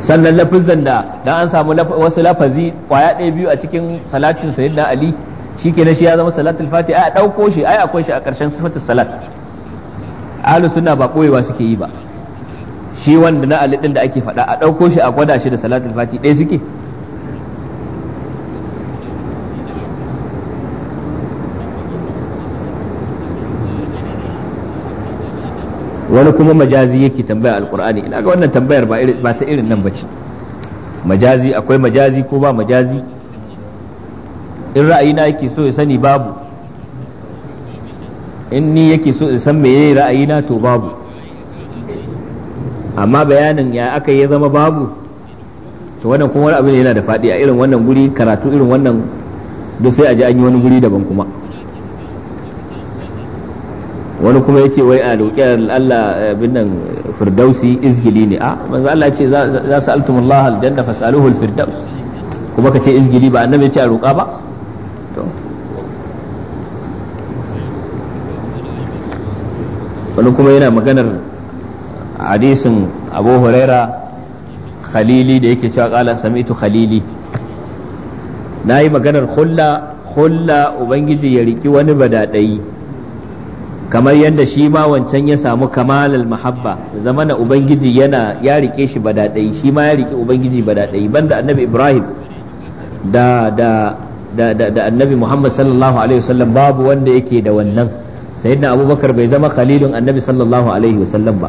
sannan lafizan da dan an samu wasu lafazi kwaya ɗaya biyu a cikin salatin sayyidina ali shikenan shi ya zama salatul fati a dauko shi ai akwai shi a karshen sifatul salat ahlus sunna ba koyewa suke yi ba shi wanda na alidin da ake faɗa a ɗauko shi a gwada shi da salatul fati ɗaya suke wani kuma majazi yake tambaya alkur'ani ina ga wannan tambayar ba ta irin nan bace majazi akwai majazi ko ba majazi in ra'ayina yake so ya sani babu in ni yake so in san meye ra'ayina to babu amma bayanin ya aka ya zama babu to wannan kuma wani abu ne yana da faɗi a irin wannan guri karatu irin wannan duk sai a ji an yi wani guri daban kuma wani kuma ya ce wai a roƙi Allah bin nan firdausi izgili ne a manzo Allah ya ce za su altumullah aljanna fasaluhu alfirdaus kuma ka ce izgili ba annabi ya ce a roƙa ba to wani kuma yana maganar hadisin abu huraira khalili da yake cewa kala samitu khalili na yi maganar hulla hulla ubangiji ya riki wani badadai kamar yadda shi ma wancan ya samu kamalal mahabba zama ubangiji yana ya rike shi badadai shi ma ya riki ubangiji badadai banda annabi ibrahim da da da da annabi muhammad sallallahu alaihi wasallam babu wanda yake da wannan sayyidina abubakar bai zama khalilun annabi sallallahu alaihi wasallam ba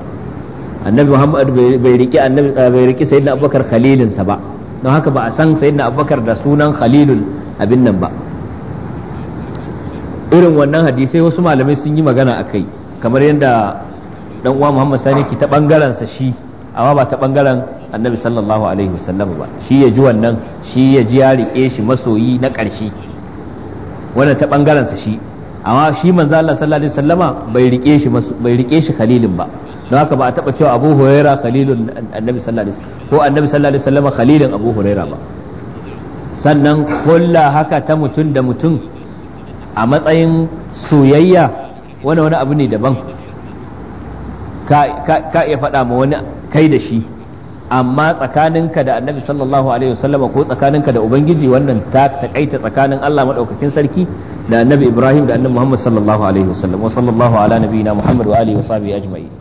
annabi muhammad bai riki annabi eh, bai riki sayyidina abubakar khalilin sa ba don haka ba a san sayyidina abubakar da sunan khalilul abin nan ba irin wannan hadisai wasu malamai sun yi magana a kai kamar yadda dan uwa muhammad sani ki ta bangaren sa shi amma ba ta bangaren annabi sallallahu alaihi wasallam ba shi ya ji wannan shi ya ji ya rike shi masoyi na ƙarshe wannan ta bangaren sa shi amma shi manzo Allah sallallahu alaihi wasallama bai rike shi bai rike shi khalilin ba don haka ba a taba cewa Abu Huraira khalilun Annabi sallallahu alaihi wasallam ko Annabi sallallahu alaihi wasallama khalilin Abu Huraira ba sannan kulla haka ta mutun da mutun a matsayin soyayya wani wani abu ne daban ka iya faɗa ma wani kai da shi amma tsakaninka da annabi sallallahu alaihi wasallama ko tsakaninka da ubangiji wannan ta takaita tsakanin Allah maɗaukakin sarki da annabi ibrahim da annabi muhammad sallallahu alaihi wasallam wa sallallahu ala nabiyina muhammad wa alihi wa sahbihi ajma'in